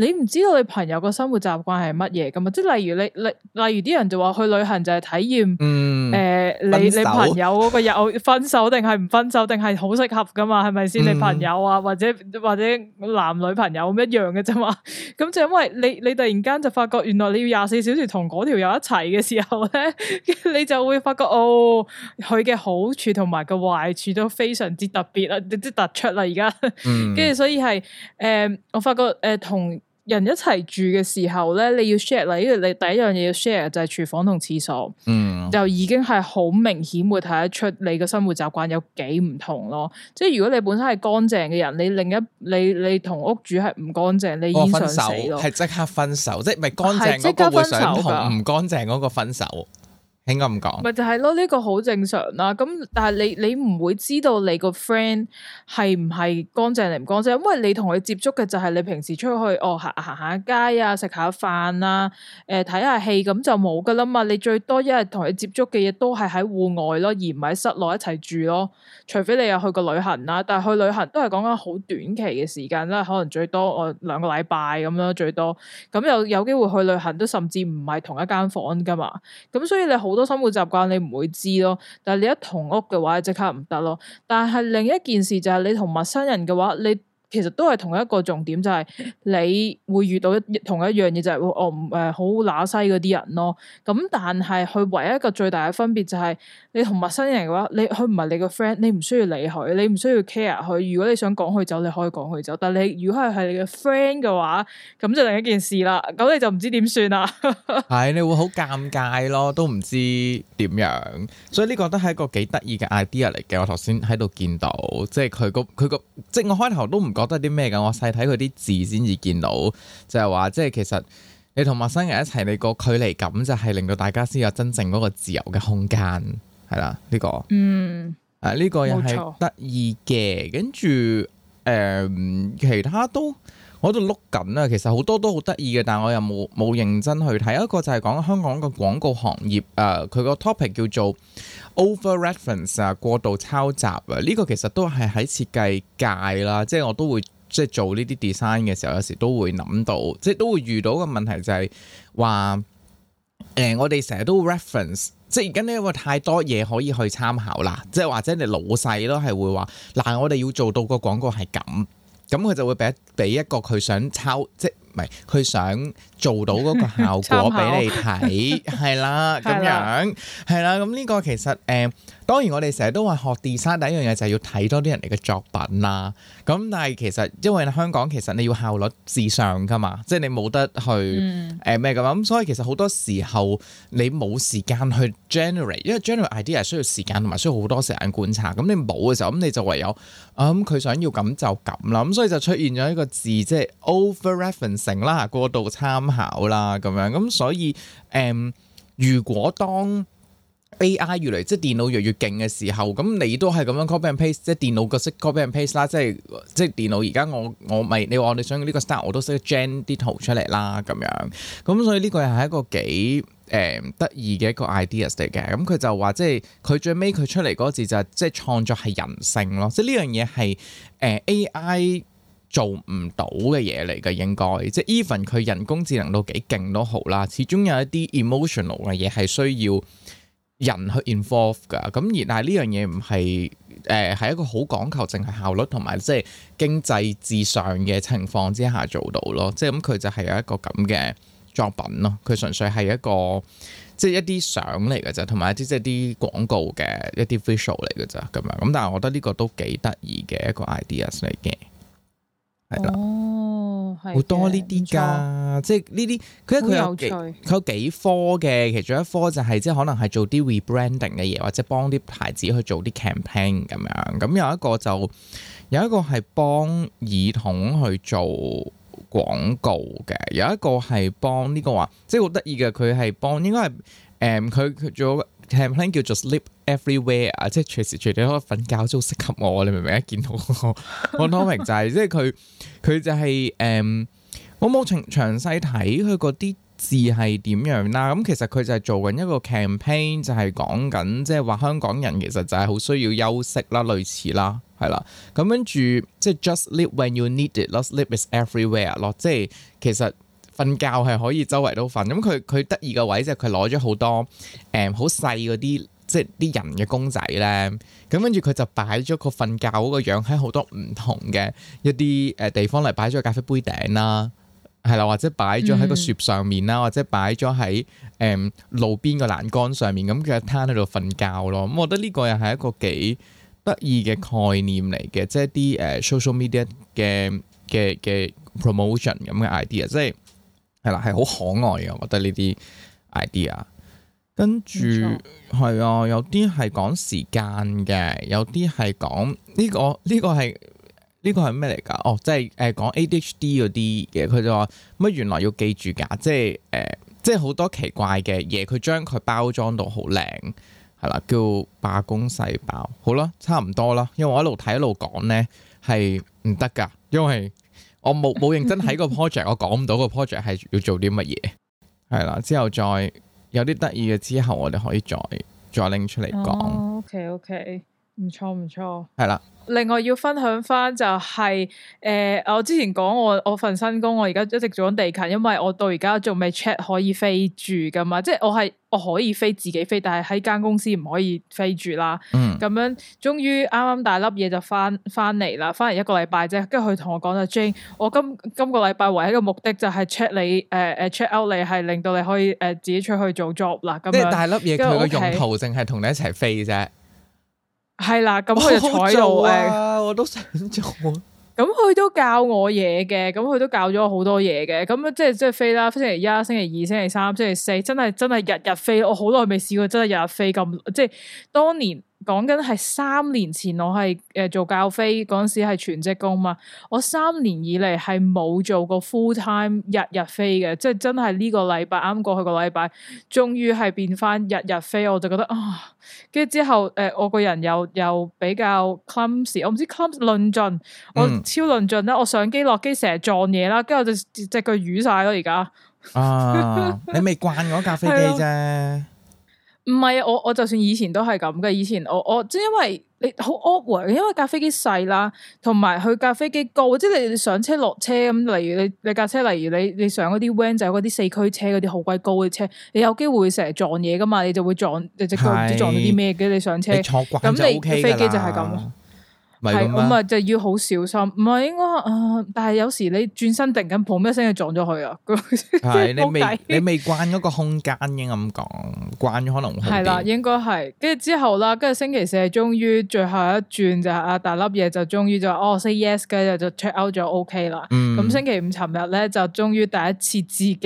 你唔知道你朋友個生活習慣係乜嘢噶嘛？即係例如你、你、例如啲人就話去旅行就係體驗。嗯。誒、呃，你手你朋友嗰個又分手定係唔分手定係好適合噶嘛？係咪先？嗯、你朋友啊，或者或者男女朋友咁一樣嘅啫嘛？咁就因為你你突然間就發覺原來你要廿四小時同嗰條友一齊嘅時候咧，你就會發覺哦，佢嘅好處同埋個壞處都非常之特別啦，即係突出啦而家。跟住所以係誒、呃，我發覺誒同。呃人一齊住嘅時候咧，你要 share 啦。因為你第一樣嘢要 share 就係、是、廚房同廁所，嗯、就已經係好明顯會睇得出你個生活習慣有幾唔同咯。即係如果你本身係乾淨嘅人，你另一你你同屋主係唔乾淨，你已經想死咯，係即刻分手，即係咪乾淨即刻分手，同唔乾淨嗰個分手。應該唔講，咪、嗯、就係咯，呢個好正常啦、啊。咁但係你你唔會知道你個 friend 係唔係乾淨，係唔乾淨，因為你同佢接觸嘅就係你平時出去哦行，行行下街啊，食下飯啊，誒睇下戲咁就冇噶啦嘛。你最多一日同佢接觸嘅嘢都係喺戶外咯，而唔係喺室內一齊住咯。除非你又去過旅行啦，但係去旅行都係講緊好短期嘅時間啦，可能最多我兩個禮拜咁咯，最多咁又有機會去旅行都甚至唔係同一間房噶嘛。咁所以你好。好多生活習慣你唔會知咯，但係你一同屋嘅話即刻唔得咯。但係另一件事就係、是、你同陌生人嘅話，你其實都係同一個重點，就係、是、你會遇到一同一樣嘢，就係我唔誒好乸西嗰啲人咯。咁但係佢唯一一個最大嘅分別就係、是。你同陌生人嘅話，你佢唔係你個 friend，你唔需要理佢，你唔需要 care 佢。如果你想趕佢走，你可以趕佢走。但你如果係係你嘅 friend 嘅話，咁就另一件事啦。咁你就唔知點算啦。係、 哎，你會好尷尬咯，都唔知點樣。所以呢個都係一個幾得意嘅 idea 嚟嘅。我頭先喺度見到，即係佢個佢個，即係我開頭都唔覺得啲咩嘅。我細睇佢啲字先至見到，就係、是、話，即係其實你同陌生人一齊，你個距離感就係令到大家先有真正嗰個自由嘅空間。係啦，呢個嗯，誒，呢個又係得意嘅。跟住誒，其他都我度碌緊啦。其實好多都好得意嘅，但係我又冇冇認真去睇。一個就係講香港個廣告行業誒，佢個 topic 叫做 over reference 啊，過度抄襲啊。呢個其實都係喺設計界啦，即係我都會即係做呢啲 design 嘅時候，有時都會諗到，即係都會遇到個問題就係話誒，我哋成日都 reference。即係而家呢個太多嘢可以去參考啦，即係或者你老細都係會話嗱，我哋要做到個廣告係咁，咁佢就會俾俾一個佢想抄，即係。唔係佢想做到嗰個效果俾。 參考 你睇，係啦咁樣，係啦，咁呢個其實誒、呃，當然我哋成日都話學 design 第一樣嘢就係、是、要睇多啲人哋嘅作品啦。咁、嗯、但係其實因為香港其實你要效率至上㗎嘛，即係你冇得去誒咩㗎嘛。咁、呃、所以其實好多時候你冇時間去 generate，因為 generate idea 需要時間同埋需要好多時間觀察。咁你冇嘅時候，咁、嗯、你就唯有咁佢、嗯、想要咁就咁啦。咁、嗯、所以就出現咗一個字，即係 over reference。Re 成啦，過度參考啦，咁樣咁，所以誒、嗯，如果當 AI 越嚟即係電腦越嚟越勁嘅時候，咁你都係咁樣 copy and paste，即係電腦個識 copy and paste 啦，即係即係電腦而家我我咪你話我哋想呢個 start 我都識 gen 啲圖出嚟啦，咁樣咁，所以呢個係一個幾誒、嗯、得意嘅一個 ideas 嚟嘅，咁佢就話即係佢最尾佢出嚟嗰字就係、是、即係創作係人性咯，即係呢樣嘢係誒 AI。做唔到嘅嘢嚟嘅，應該，即係 even 佢人工智能都幾勁都好啦。始終有一啲 emotional 嘅嘢係需要人去 involve 噶。咁而但係呢樣嘢唔係，誒、呃，係一個好講求淨係效率同埋即係經濟至上嘅情況之下做到咯。即係咁佢就係有一個咁嘅作品咯。佢純粹係一個即係一啲相嚟嘅咋，同埋一啲即係啲廣告嘅一啲 visual 嚟嘅咋，咁樣，咁但係我覺得呢個都幾得意嘅一個 ideas 嚟嘅。係啦，哦，好多呢啲噶，即係呢啲佢咧佢有幾佢有幾科嘅，其中一科就係即係可能係做啲 rebranding 嘅嘢，或者幫啲牌子去做啲 campaign 咁樣，咁有一個就有一個係幫兒童去做廣告嘅，有一個係幫呢個話即係好得意嘅，佢係幫應該係誒佢佢仲 campaign 叫做 sleep everywhere 啊，即係隨時隨地可以瞓覺都適合我，你明唔明啊？見到我 我明就係、是，即係佢佢就係、是、誒、嗯，我冇長詳細睇佢嗰啲字係點樣啦。咁其實佢就係做緊一個 campaign，就係講緊即係話香港人其實就係好需要休息啦，類似啦，係啦。咁跟住即係 just sleep when you need it 咯，sleep is everywhere 咯，即係其實。瞓覺係可以周圍都瞓咁，佢佢得意嘅位就係佢攞咗好多誒好細嗰啲，即係啲人嘅公仔咧。咁跟住佢就擺咗個瞓覺嗰個樣喺好多唔同嘅一啲誒地方，嚟擺咗喺咖啡杯頂啦，係啦，或者擺咗喺個雪上面啦，或者擺咗喺誒路邊個欄杆上面咁，佢攤喺度瞓覺咯。咁我覺得呢個又係一個幾得意嘅概念嚟嘅，即係啲誒 social media 嘅嘅嘅 promotion 咁嘅 idea，即係。係啦，係好可愛嘅，我覺得呢啲 idea 跟。跟住係啊，有啲係講時間嘅，有啲係講呢個呢、呢個係呢、呢個係咩嚟噶？哦，即係誒講 ADHD 嗰啲嘢，佢就話乜原來要記住噶，即係誒、呃，即係好多奇怪嘅嘢，佢將佢包裝到好靚，係啦、啊，叫罷工細胞，好啦，差唔多啦。因為我一路睇一路講呢，係唔得噶，因為。 我冇冇認真睇個 project，我講唔到個 project 係要做啲乜嘢，係啦。之後再有啲得意嘅之後，我哋可以再再拎出嚟講。OK OK，唔錯唔錯。係啦。 另外要分享翻就係、是、誒、呃，我之前講我我份新工，我而家一直做緊地勤，因為我到而家仲未 check 可以飛住噶嘛，即係我係我可以飛自己飛，但係喺間公司唔可以飛住啦。咁、嗯、樣終於啱啱大粒嘢就翻翻嚟啦，翻嚟一個禮拜啫，跟住佢同我講啦，Jane，我今今個禮拜唯一嘅目的就係 check 你誒誒、uh, check out 你，係令到你可以誒自己出去做 job 啦。咁樣即係大粒嘢佢嘅用途淨係同你一齊飛啫。係啦，咁佢就坐喺度誒，我都想做。咁佢都教我嘢嘅，咁佢都教咗我好多嘢嘅。咁即係即係飛啦，星期一、星期二、星期三、星期四，真係真係日日飛。我好耐未試過真係日日飛咁，即係當年。講緊係三年前，我係誒做教飛嗰陣時係全職工嘛。我三年以嚟係冇做過 full time 日日飛嘅，即係真係呢個禮拜啱過去個禮拜，終於係變翻日日飛。我就覺得啊，哦、跟住之後誒、呃，我個人又又比較 clumsy，我唔知 clumsy，論盡我超論盡啦。我上機落機成日撞嘢啦，跟住我就隻腳淤晒咯。而家啊， 你未慣嗰架飛機啫、啊。唔係啊，我我就算以前都係咁嘅。以前我我即係、即係、因為你好 awkward，因為架飛機細啦，同埋佢架飛機高，即係你上車落車咁。例如你你架車，例如你你，例如你，你上嗰啲 van 就係嗰啲四驅車嗰啲好鬼高嘅車，你有機會成日撞嘢㗎嘛？你就會撞你隻腳，唔知撞到啲咩嘅。你上車咁你，坐你，你飛機就係咁。係，咁啊就要好小心，唔係應該誒、呃，但係有時你轉身突然間砰咩聲就撞咗佢啊！係 你未 你未慣咗個空間應該咁講，慣咗可能係啦，應該係。跟住之後啦，跟住星期四終於最後一轉就阿大粒嘢就終於就哦 say yes，跟住就 check out 咗 OK 啦。咁、嗯、星期五尋日咧就終於第一次自己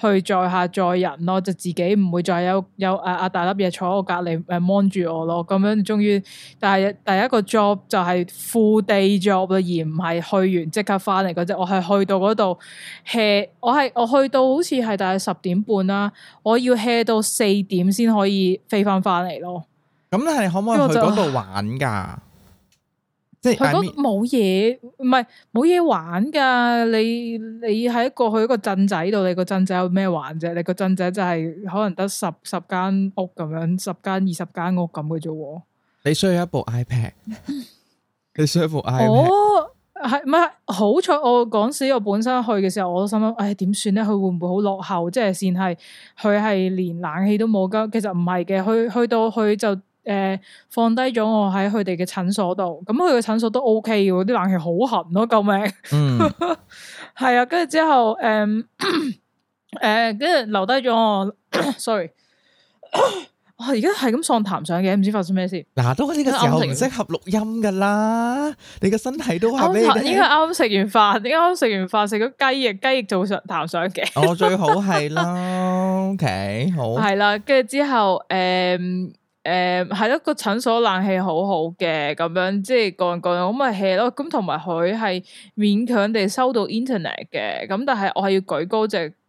去再下載人咯，就自己唔會再有有誒阿大粒嘢坐喺我隔籬誒 mon 住我咯，咁樣終於但係第一個 job。就係 full day job 啊，而唔係去完即刻翻嚟嗰隻。我係去到嗰度 hea，我係我去到好似係大概十點半啦，我要 hea 到四點先可以飛翻翻嚟咯。咁你係可唔可以去嗰度玩噶？即係嗰度冇嘢，唔係冇嘢玩噶。你你喺過去一個鎮仔度，你個鎮仔有咩玩啫？你個鎮仔就係可能得十十間屋咁樣，十間二十間屋咁嘅啫。你需要一部 iPad。 哦，係，唔係，好彩我講死。我本身去嘅時候，我都心諗，唉、哎，點算咧？佢會唔會好落後？即係先係，佢係連冷氣都冇噶。其實唔係嘅，去去到佢就誒、呃，放低咗我喺佢哋嘅診所度。咁佢嘅診所都 O K 噶，啲冷氣好痕咯，救命！ 嗯，係 啊，跟住之後，誒、呃，誒，跟、呃、住留低咗我咳咳，sorry 咳咳。我而家係咁上談上嘅，唔知發生咩事。嗱，都呢個時候唔適合錄音噶啦，你個身體都係。應該啱啱食完飯，啱食完飯食咗雞翼，雞翼早上談上嘅。我最好係啦，OK 好。係啦，跟住之後，誒誒，係一個診所冷氣好好嘅，咁樣即係個個咁咪 hea 咯。咁同埋佢係勉強地收到 internet 嘅，咁但係我係要舉高隻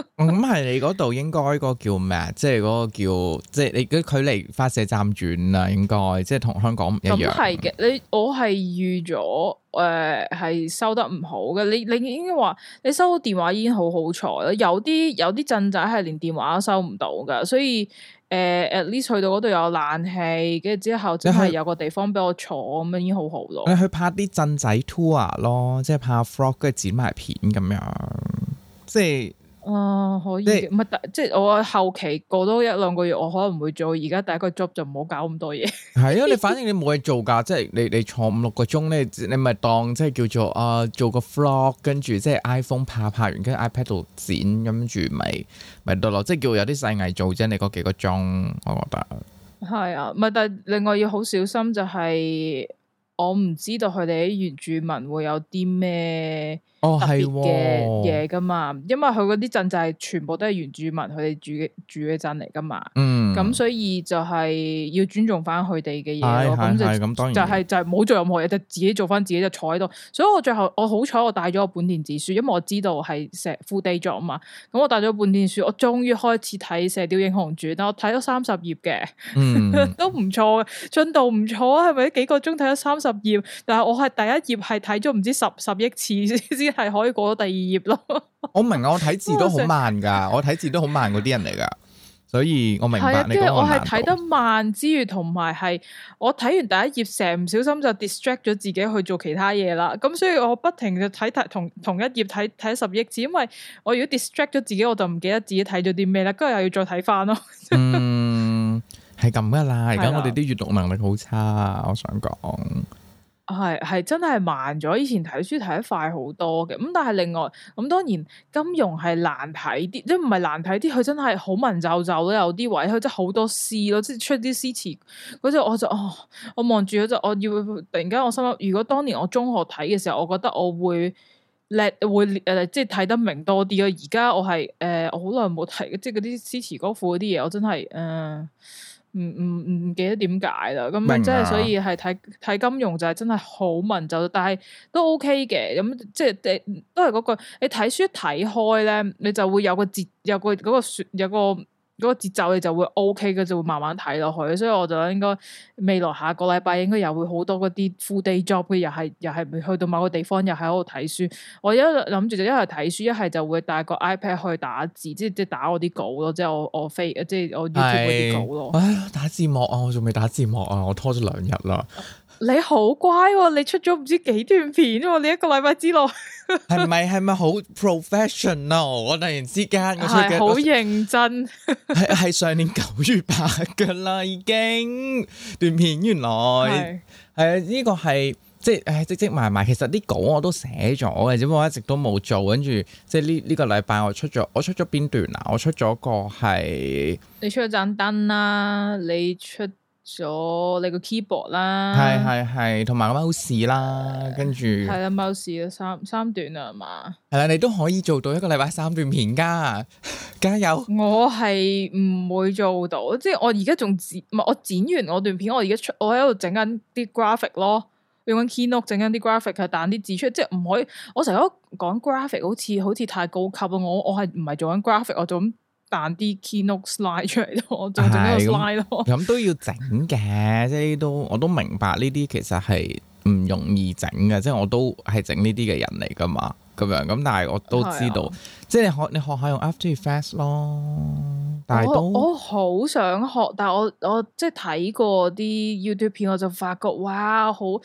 咁係、 嗯、你嗰度應該嗰、嗰個叫咩，即係嗰個叫即係你嘅距離發射站遠啦，應該即係同香港唔一樣。咁係嘅，你我係預咗誒，係、呃、收得唔好嘅。你你應該話你收到電話已經好好彩啦。有啲有啲鎮仔係連電話都收唔到噶，所以誒誒、呃，至少去到嗰度有冷氣，跟住之後真係有個地方俾我坐咁去樣已經好好咯。你去拍啲鎮仔 tour 咯，即係拍 vlog 跟住剪埋片咁樣，即係。啊，可以，唔係但即係我後期過多一兩個月，我可能會做。而家第一個 job 就唔好搞咁多嘢。係啊，你反正你冇嘢做噶， 即係你你坐五六個鐘咧，你咪當即係叫做啊、呃，做個 vlog，跟住即係 iPhone 拍拍完，跟 iPad 度剪，跟住咪咪得咯。即係叫有啲細藝做啫。你嗰幾個鐘，我覺得係啊，唔係但另外要好小心就係，我唔知道佢哋啲原住民會有啲咩。哦，特別嘅嘢噶嘛，因為佢嗰啲鎮就係全部都係原住民佢哋住嘅住嘅鎮嚟噶嘛，嗯。嗯，咁所以就係要尊重翻佢哋嘅嘢咯。咁就係咁，當然就係、是、就係、是、冇做任何嘢，就自己做翻自己就坐喺度。所以我最後我好彩我帶咗本電子書，因為我知道係石富地作啊嘛。咁我帶咗本電子書，我終於開始睇《射雕英雄傳》但我，我睇咗三十頁嘅， 都唔錯，進度唔錯啊。係咪幾個鐘睇咗三十頁？但係我係第一頁係睇咗唔知十十億次先。 係可以過到第二頁咯， 我明啊，我睇字都好慢噶。 我睇字都好慢嗰啲人嚟噶，所以我明白 你嘅。我係睇得慢之餘，同埋係我睇完第一頁，成唔小心就 distract 咗自己去做其他嘢啦，咁所以我不停嘅睇同同一頁睇睇十億次，因為我如果 distract 咗自己，我就唔記得自己睇咗啲咩啦，跟住又要再睇翻咯，嗯，係咁噶啦，而家我哋啲閱讀能力好差，的我想講。係係真係慢咗，以前睇書睇得快好多嘅。咁、嗯、但係另外，咁、嗯、當然金融係難睇啲，即唔係難睇啲，佢真係好文縐縐咯，有啲位佢真係好多詩咯，即係出啲詩詞。嗰陣我就哦，我望住嗰陣，我要突然間我心諗，如果當年我中學睇嘅時候，我覺得我會叻，會誒、呃、即係睇得明多啲咯。而家我係誒、呃，我好耐冇睇，即係嗰啲詩詞歌賦嗰啲嘢，我真係誒。呃唔唔唔記得點解啦，咁即係所以係睇睇金融就係真係好文就，但係都 OK 嘅，咁即係都係嗰個你睇書睇開咧，你就會有個節有個嗰個書有個，那個有個嗰個節奏你就會 O K 嘅，就會慢慢睇落去，所以我就應該未來下個禮拜應該又會好多嗰啲 full day job，佢又係又係去到某個地方又喺度睇書。我而家諗住就一係睇書，一係就會帶個 iPad 去打字，即係即係打我啲稿咯，即係我我飛即係我 YouTube 啲稿咯。哎，打字幕啊，我仲未打字幕啊，我拖咗兩日啦。啊你好乖喎、哦！你出咗唔知幾段片喎、啊？你一個禮拜之內，係咪係咪好 professional？我突然之間我出幾好是認真。係上年九月拍噶啦，已經段片原來係啊！呢是個係即係唉積積埋埋，其實啲稿我都寫咗嘅，只不過我一直都冇做。跟住即係呢呢個禮拜我出咗我出咗邊段啊？我出咗個係你出咗盞燈啦，你出咗你個 keyboard 啦，係係係，同埋個 mouse 啦，是跟住著係啦，mouse 三三段啦係嘛，係啦，你都可以做到一個禮拜三段片噶，加油！我係唔會做到，即係我而家仲剪，唔係我剪完我段片，我而家出，我喺度整緊啲 graphic 咯，用緊 Keynote 整緊啲 graphic，係彈啲字出，即係唔可以，我成日都講 graphic 好似好似太高級咯，我我係唔係做緊 graphic，我做彈啲 keynote slide 出嚟咯，就整個 slide 咯。咁都要整嘅，即係都我都明白呢啲其實係唔容易整嘅，即係我都係整呢啲嘅人嚟噶嘛，咁樣咁，但係我都知道，的即係你學你學下用 After Effects 咯。我但係都，我好想學，但係我我即係睇過啲 YouTube 片，我就發覺哇，好好，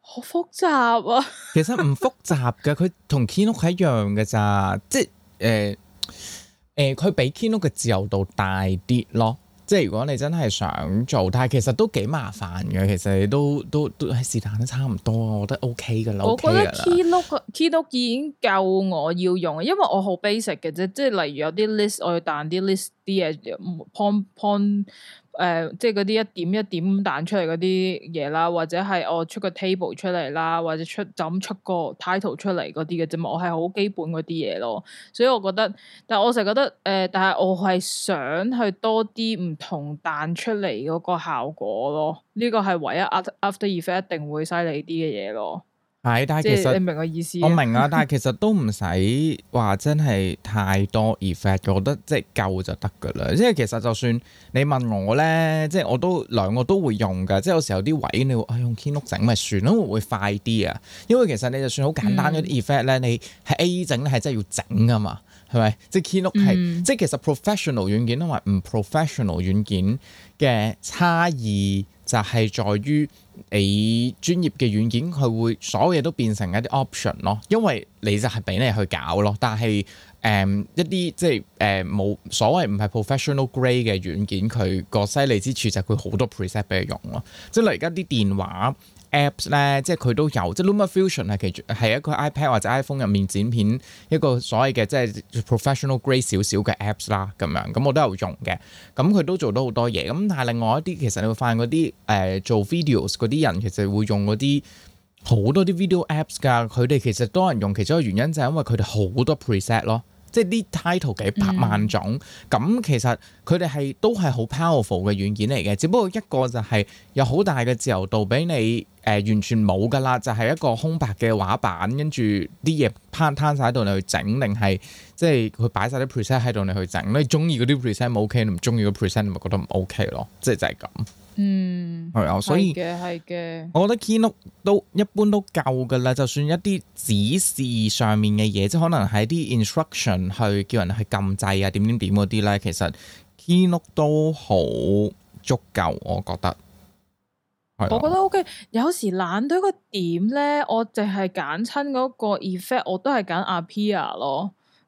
好複雜啊！其實唔複雜嘅，佢同 Keynote 係一樣嘅咋，即係誒。呃誒，佢、欸、比 Keynote 嘅自由度大啲咯，即係如果你真係想做，但係其實都幾麻煩嘅，其實都都都係是但都差唔多，okay okay、我覺得 OK 噶啦 k 噶啦了。我覺得 Keynote Keynote 已經夠我要用，因為我好 basic 嘅啫，即係例如有啲 list 我要彈啲 list 啲嘢，唔碰碰。誒、呃，即係嗰啲一點一點彈出嚟嗰啲嘢啦，或者係我出個 table 出嚟啦，或者出就咁出個 title 出嚟嗰啲嘅啫嘛，我係好基本嗰啲嘢咯，所以我覺得，但係我成日覺得誒、呃，但係我係想去多啲唔同彈出嚟嗰個效果咯，呢個係唯一 after after effect 一定會犀利啲嘅嘢咯。係，但係其實即係你明我意思、啊，我明啊。 但係其實都唔使話真係太多 effect，我覺得即係夠就得噶啦。即係其實就算你問我咧，即係我都兩個都會用噶。即係有時候啲位你會、哎、用 Keynote 整咪算咯，會快啲啊。因為其實你就算好簡單嗰啲 effect 咧，嗯、你喺 AE 整咧係真係要整噶嘛，係咪？即係 Keynote 係，嗯、即係其實 professional 軟件同埋唔 professional 軟件嘅差異。就係在於你專業嘅軟件，佢會所有嘢都變成一啲 option 咯。因為你就係俾你去搞咯。但係誒、呃、一啲即係誒冇所謂唔係 professional grade 嘅軟件，佢個犀利之處就係佢好多 preset 俾你用咯。即係例如而家啲電話。Apps 咧，即係佢都有，即係 Luma Fusion 係其中一個 iPad 或者 iPhone 入面剪片一個所謂嘅即係 professional grade 少少嘅 apps 啦，咁樣咁我都有用嘅。咁佢都做到好多嘢。咁但係另外一啲，其實你會發現嗰啲誒做 videos 嗰啲人，其實會用嗰啲好多啲 video apps 噶。佢哋其實多人用，其中一個原因就係因為佢哋好多 preset 咯。即係啲 title 幾百萬種，咁、嗯、其實佢哋係都係好 powerful 嘅軟件嚟嘅，只不過一個就係有好大嘅自由度俾你，誒、呃、完全冇㗎啦，就係、是、一個空白嘅畫板，跟住啲嘢攤攤晒喺度你去整，定係即係佢擺晒啲 preset 喺度你去整，你中意嗰啲 preset OK，你唔中意個 preset 你咪覺得唔 OK 咯，即係就係、是、咁。嗯，係啊， 所以嘅，係嘅，我覺得 Keynote 都一般都夠噶啦。就算一啲指示上面嘅嘢，即係可能喺啲 instruction 去叫人去撳掣啊點點點嗰啲咧，其實 Keynote 都好足夠。我覺得係，我覺得 OK。有時懶到一個點咧，我淨係揀親嗰個 effect，我都係揀 appear 咯。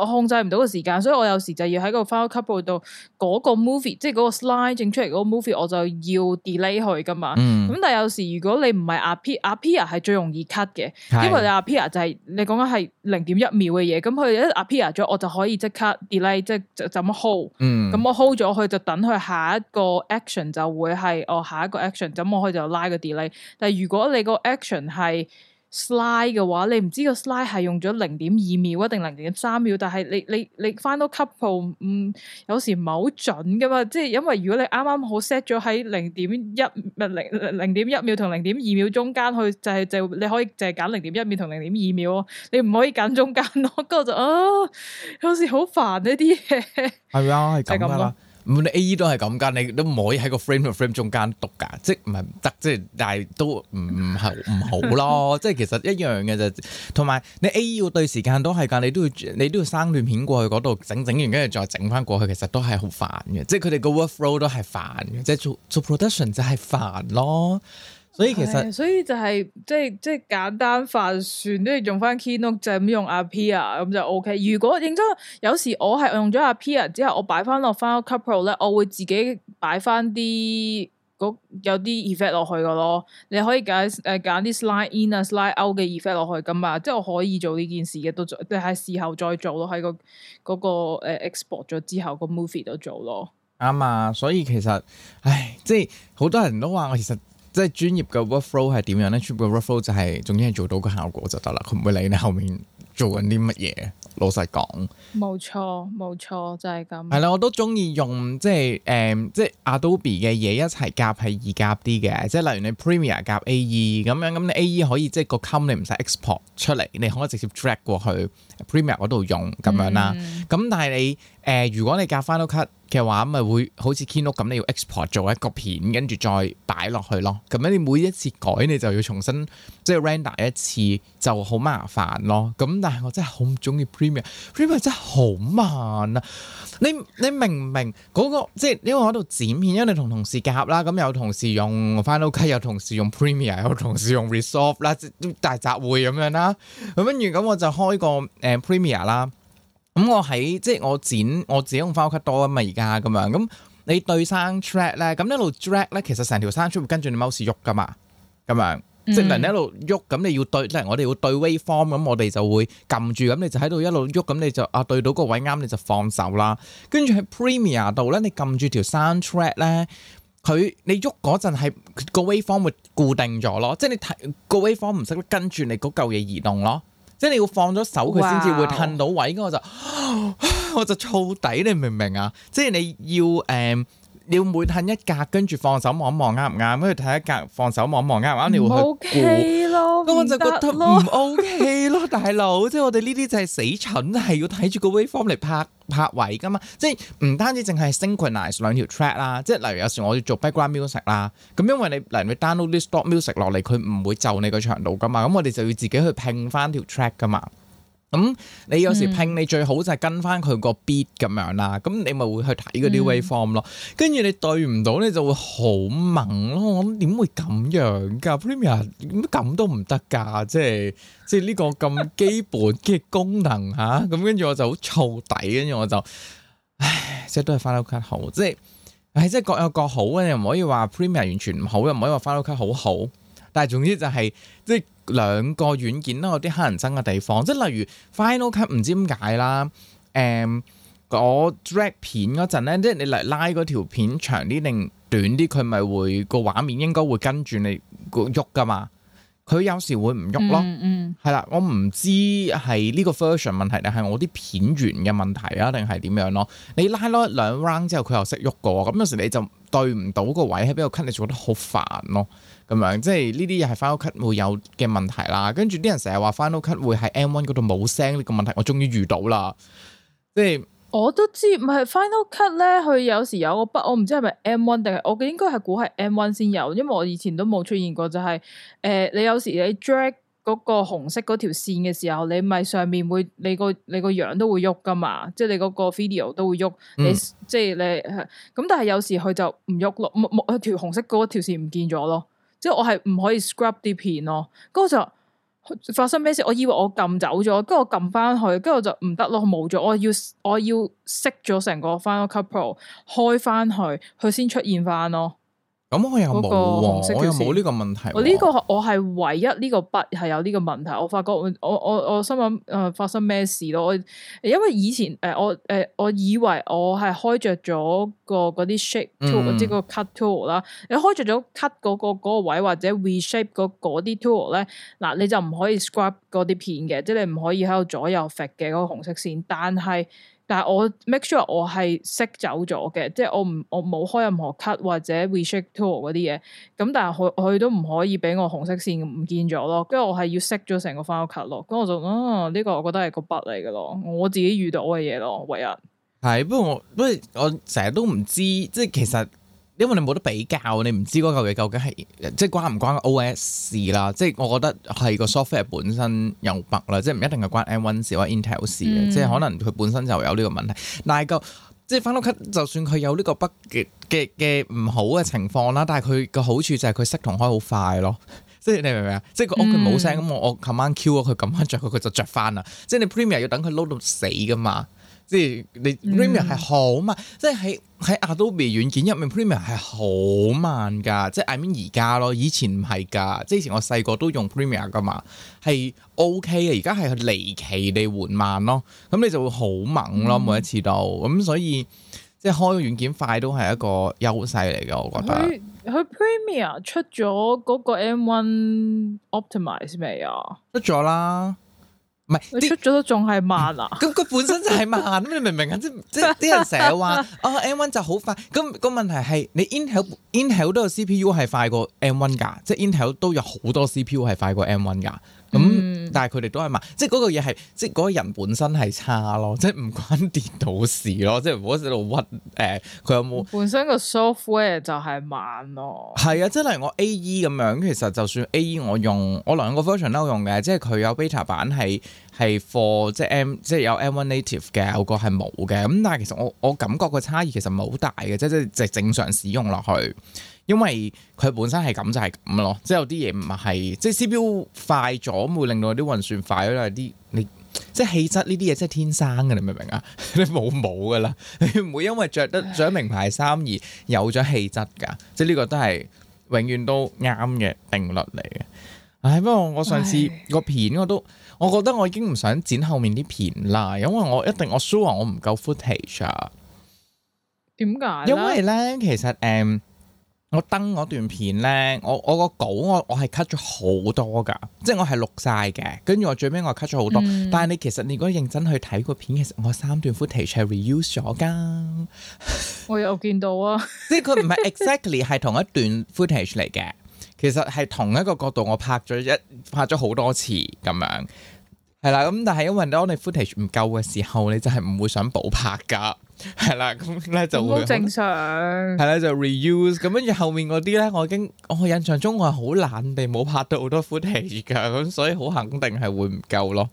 我控制唔到個時間，所以我有時就要喺個 file couple 度嗰、嗰個 movie，即係嗰個 slide 整出嚟嗰個 movie，我就要 delay 佢噶嘛。咁、嗯、但係有時如果你唔係 appe appear，appear 係最容易 cut 嘅，是、因為你 appear 就係、是、你講緊係零點一秒嘅嘢，咁佢一 appear 咗，我就可以即刻 delay，即係就就是、咁 hold。咁、嗯、我 hold 咗佢就等佢下一個 action 就會係哦，下一個 action，咁我可以就拉個 delay。但係如果你個 action 係。slide 嘅話，你唔知個 slide 係用咗零點二秒啊，定零點三秒？但係你你你 Final Cut Pro，嗯，有時唔係好準噶嘛，即係因為如果你啱啱好 set 咗喺零點一唔零零點一秒同零點二秒中間去，就係、是、就是、你可以就係揀零點一秒同零點二秒，你唔可以揀中間嗰個就啊，有時好煩呢啲嘢，係啊，係咁啦。唔，你 A.E 都係咁噶你都唔可以喺個 frame 同 frame 中間讀噶即係唔係得，即係但係都唔係唔好咯， 即係其實一樣嘅，就，同埋你 A.E 要對時間都係噶你都要你都要生亂片過去嗰度整整完，跟住再整翻過去，其實都係好煩嘅。即係佢哋個 workflow 都係煩嘅，即係做做 production 就係煩咯。所以其實、 哎，所以就係、是、即係即係簡單化算都要用翻 Keynote，就咁用 a P 啊，咁就 OK。如果認真，有時我係用咗 a P 啊之後，我擺翻落翻個 Cup Pro 咧，我會自己擺翻啲嗰有啲 effect 落去噶咯。你可以揀誒揀啲 slide in 啊 slide out 嘅 effect 落去咁啊，即係我可以做呢件事嘅，都做即係事後再做咯，喺、那個嗰、那個誒、呃、export 咗之後、那個 movie 度做咯。啱啊，所以其實，唉，即係好多人都話我其實。即係專業嘅 workflow 係點樣咧？全部 workflow 就係總之係做到個效果就得啦，佢唔會理會你後面做緊啲乜嘢，老實講。冇錯，冇錯，就係、是、咁。係啦，我都中意用即係誒，即係 Adobe 嘅嘢一齊夾係易夾啲嘅，即係例如你 Premiere 夾 AE 咁樣，咁你 AE 可以即係個 com 你唔使 export 出嚟，你可以直接 track 過去，去 Premiere 嗰度用咁樣啦。咁、嗯、但係你。誒、呃，如果你夾翻屋 cut 嘅話，咪會好似 Keynote 咁，你要 export 做一個片，跟住再擺落去咯。咁樣你每一次改，你就要重新即係 render 一次，就好麻煩咯。咁但係我真係好唔中意 p r e m i e r p r e m i e r 真係好慢啊！你你明唔明嗰、那個？即係因為我喺度剪片，因為同同事夾啦，咁有同事用翻屋 cut，有同事用 p r e m i e r 有同事用 Resolve 啦即，大集會咁樣啦。咁跟住咁，我就開個誒、呃、Premiere 啦。咁、嗯、我喺即係我剪我自己用翻屋企多啊嘛，而家咁樣，咁你對 sound track 咧，咁一路 drag 咧，其實成條 sound track 會跟住你 mouse 喐噶嘛，咁樣、嗯、即係你一路喐，咁你要對，即係我哋要對 waveform，咁我哋就會撳住，咁你就喺度一路喐，咁你就啊對到個位啱你就放手啦。跟住喺 Premiere 度咧，你撳住條 sound track 咧，佢你喐嗰陣係個 waveform 會固定咗咯，即係你睇、個 waveform 唔識得跟住你嗰嚿嘢移動咯。即係你要放咗手佢先至會褪到位，咁 Wow. 我就 我就燥底，你明唔明啊？即係你要誒。呃你要每褪一格，跟住放手望一望啱唔啱，跟住睇一格，放手望一望啱唔啱，你會去估咯。咁我就覺得唔 OK 咯， 大佬，即係我哋呢啲就係死蠢，係要睇住個 waveform 嚟拍拍位㗎嘛。即係唔單止淨係 synchronize 兩條 track 啦，即係例如有時我要做 background music 啦，咁因為你嚟 download 啲 stock music 落嚟，佢唔會就你個長度㗎嘛，咁我哋就要自己去拼返條 track 㗎嘛。咁你有時拼你最好就係跟翻佢個 beat 咁、嗯、樣啦，咁你咪會去睇嗰啲 waveform 咯。跟住、嗯、你對唔到你就會好猛咯。我諗點會咁樣㗎？Premier 點咁都唔得㗎，即係即係呢個咁基本嘅功能嚇。咁跟住我就好燥底，跟住我就，唉，即係都係 Final Cut 好，即係，唉，即係各有各好嘅，又唔可以話 Premier 完全唔好，又唔可以話 Final Cut 好好。但係總之就係、是、即係。兩個軟件都有啲乞人憎嘅地方，即係例如 Final Cut 唔知點解啦。誒、嗯，我、那個、drag 片嗰陣咧，即係你嚟拉嗰條片長啲定短啲，佢咪會個畫面應該會跟住你個喐噶嘛。佢有時會唔喐咯，係啦、嗯嗯。我唔知係呢個 version 問題定係我啲片源嘅問題啊，定係點樣咯？你拉多兩 round 之後，佢又識喐個，咁有時你就對唔到個位喺邊度，cut 你做得好煩咯。咁樣，即係呢啲嘢係 Final Cut 會有嘅問題啦。跟住啲人成日話 Final Cut 會喺 M1 嗰度冇聲呢個問題，我終於遇到啦。即係我都知，唔係 Final Cut 咧，佢有時有個筆，我唔知係咪 M1 定係我應該係估係 M1 先有，因為我以前都冇出現過。就係、是、誒、呃，你有時你 drag 嗰個紅色嗰條線嘅時候，你咪上面會你個你個樣都會喐噶嘛，即係你嗰個 video 都會喐。你、嗯、即係你咁，但係有時佢就唔喐咯，冇冇佢條紅色嗰條線唔見咗咯。即係我係唔可以 scrub 啲片咯，咁我就發生咩事？我以為我撳走咗，跟住我撳翻去，跟住我就唔得咯，冇咗。我要我要熄咗成個 Final Cut Pro，開翻去，佢先出現翻咯。咁佢有冇喎，黃色？又冇呢個問題。我呢、呢個我係唯一呢個筆係有呢個問題。我發覺我我我我心諗誒、呃、發生咩事咯？我因為以前誒、呃、我誒、呃、我以為我係開着咗、嗰個啲 shape tool，嗯、即係個 cut tool 啦、嗰個嗰個。你開着咗 cut 嗰個位或者 reshape 嗰啲 tool 咧，嗱，你就唔可以 scrub 嗰啲片嘅，即係你唔可以喺度左右揈嘅嗰紅色線。但係但係我 make sure 我係息走咗嘅，即係我唔我冇開任何 cut 或者 withdraw 嗰啲嘢，咁但係佢佢都唔可以俾我紅色線唔見咗咯，跟住我係要息咗成個 final 卡咯，咁我就嗯，呢、哦這個我覺得係個 bug 嚟嘅咯，我自己遇到我嘅嘢咯，唯一。係，不過我不過我成日都唔知，即係其實。因為你冇得比較，你唔知嗰嚿嘢究竟係即係關唔關 OS 啦，即係我覺得係個 software 本身有 bug 啦，即係唔一定係關 M1 事或者 Intel 事嘅，嗯、即係可能佢本身就有呢個問題。但係個即係 Final Cut，就算佢有呢個不嘅嘅嘅唔好嘅情況啦，但係佢個好處就係佢熄同開好快咯。即係你明唔明啊？即係個屋佢冇聲咁，嗯、我我琴晚 Q 咗佢，咁晚着佢佢就着翻啦。即係你 Premier 要等佢 load 到死噶嘛？即係你 Premier 係好嘛？嗯、即係喺喺 Adobe 軟件入面，Premiere 係好慢㗎，即係 I mean 而家咯，以前唔係㗎，即係以前我細個都用 Premiere 㗎嘛，係 OK 嘅，而家係佢離奇地緩慢咯，咁你就會好猛咯，嗯、每一次都，咁、嗯、所以即係開個軟件快都係一個優勢嚟嘅，我覺得。佢 Premiere 出咗嗰個 M One Optimize 未啊？出咗啦。唔係，出咗都仲係慢啊！咁佢、嗯、本身就係慢，咁 你明唔明啊？即即啲人成日話， 哦，M1 就好快，咁個問題係你 Intel Intel 都有 CPU 係快過 M1 噶，即 Intel 都有好多 CPU 係快過 M1 噶。咁，嗯、但係佢哋都係慢，即係嗰個嘢係，即係嗰個人本身係差咯，即係唔關電腦事咯，即係唔好喺度屈，誒、呃，佢有冇？本身個 software 就係慢咯。係啊，即係例如我 AE 咁樣，其實就算 AE 我用，我兩個 version 都有用嘅，即係佢有 beta 版，係係 for 即係 M，即係有 M1 native 嘅，有個係冇嘅，咁但係其實我我感覺個差異其實唔係好大嘅，即即係即係正常使用落去。因為佢本身係咁就係咁咯，即係有啲嘢唔係，即係 C P U 快咗會令到啲運算快，因為啲你即係氣質呢啲嘢，即係天生嘅，你明唔明啊？你冇冇噶啦，你唔會因為着得着對名牌衫而有咗氣質噶，即係呢個遠都係永遠都啱嘅定律嚟嘅。唉，不過我上次個片我都，我覺得我已經唔想剪後面啲片啦，因為我一定我 sure 我唔夠 footage。點解？因為咧，其實誒。Um, 我登嗰段片咧，我我個稿我我係 cut 咗好多噶，即係我係錄晒嘅，跟住我最尾我 cut 咗好多。嗯、但係你其實你如果認真去睇個片，其實我三段 footage 係 reuse 咗噶。 我有見到啊， 即係佢唔係 exactly 係同一段 footage 嚟嘅。 其實係同一個角度我拍咗一拍咗好多次咁樣，係啦。咁但係因為當你 footage 唔夠嘅時候，你就係唔會想補拍噶。係啦，咁咧 就會好正常。係啦，就 reuse 咁，跟住後面嗰啲咧，我已經我印象中我係好懶地冇拍到好多 footage 噶，咁所以好肯定係會唔夠咯。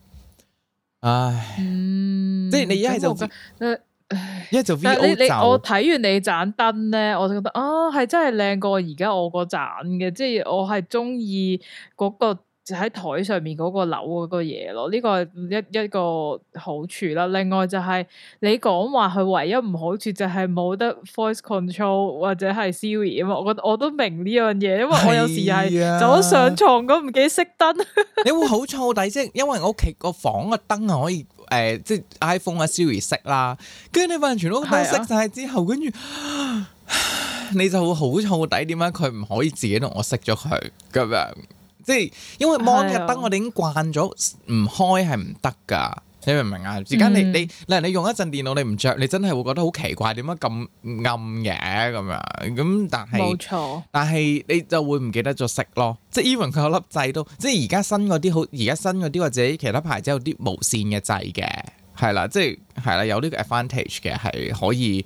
唉，嗯、即係你一係就、嗯嗯、一係就 V O。我睇完你盞燈咧，我就覺得哦，係真係靚過而家我嗰盞嘅，即、就、係、是、我係中意嗰個。就喺台上面嗰個樓嗰個嘢咯，呢個係一一個好處啦。另外就係、是、你講話佢唯一唔好處就係冇得 voice control 或者係 Siri 啊嘛。我我我都明呢樣嘢，因為我有時係走上床咁唔記得熄燈。啊、 你會好燥底，即因為我屋企個房個燈啊可以誒、呃，即係 iPhone 啊 Siri 熄啦，跟住你發現全屋都熄晒之後，跟住、啊、你就會好燥底，點解佢唔可以自己同我熄咗佢咁樣？即係，因為摩日燈我哋已經慣咗，唔對、哦、開係唔得噶。你明唔明啊？而家你你，例、嗯、你，你，你用一陣電腦，你唔着，你真係會覺得好奇怪，點解咁暗嘅咁樣？咁但係，沒錯 但係你就會唔記得咗熄咯。即係，even 佢有粒掣都，即係而家新嗰啲好，而家新嗰啲或者其他牌子有啲無線嘅掣嘅，係啦，即係係啦，有呢個 advantage 嘅係可以。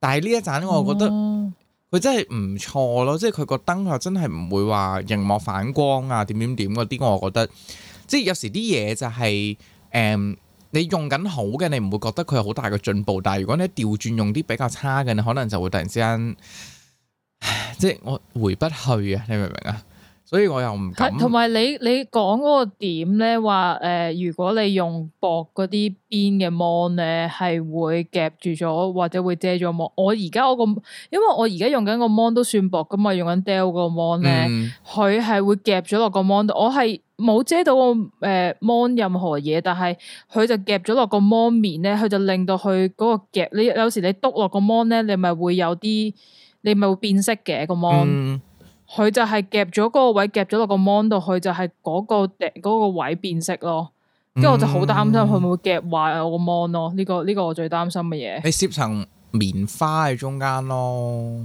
但係呢一盞我覺得。嗯哦佢真係唔錯咯，即係佢個燈啊，真係唔會話熒幕反光啊點點點嗰啲，我覺得即係有時啲嘢就係、是、誒、嗯，你用緊好嘅，你唔會覺得佢有好大嘅進步，但係如果你調轉用啲比較差嘅，你可能就會突然之間，即係我回不去啊！你明唔明啊？所以我又唔敢。同埋你你講嗰個點咧，話誒、呃，如果你用薄嗰啲邊嘅芒 o n 咧，係會夾住咗，或者會遮咗 m 我而家我個，因為我而家用緊個芒都算薄噶嘛，用緊 Dell o 芒咧，佢係、嗯、會夾咗落個芒度。我係冇遮到誒 m 任何嘢，但係佢就夾咗落個芒面咧，佢就令到佢嗰個夾。你有時你督落個芒 o 咧，你咪會有啲，你咪會變色嘅個芒。佢就係夾咗嗰個位夾咗落個 mon 度，佢就係嗰、那個、那個位變色咯。跟住我就好擔心佢會唔會夾壞我個 mon 咯？呢、這個呢、這個我最擔心嘅嘢。你攝層棉花喺中間咯，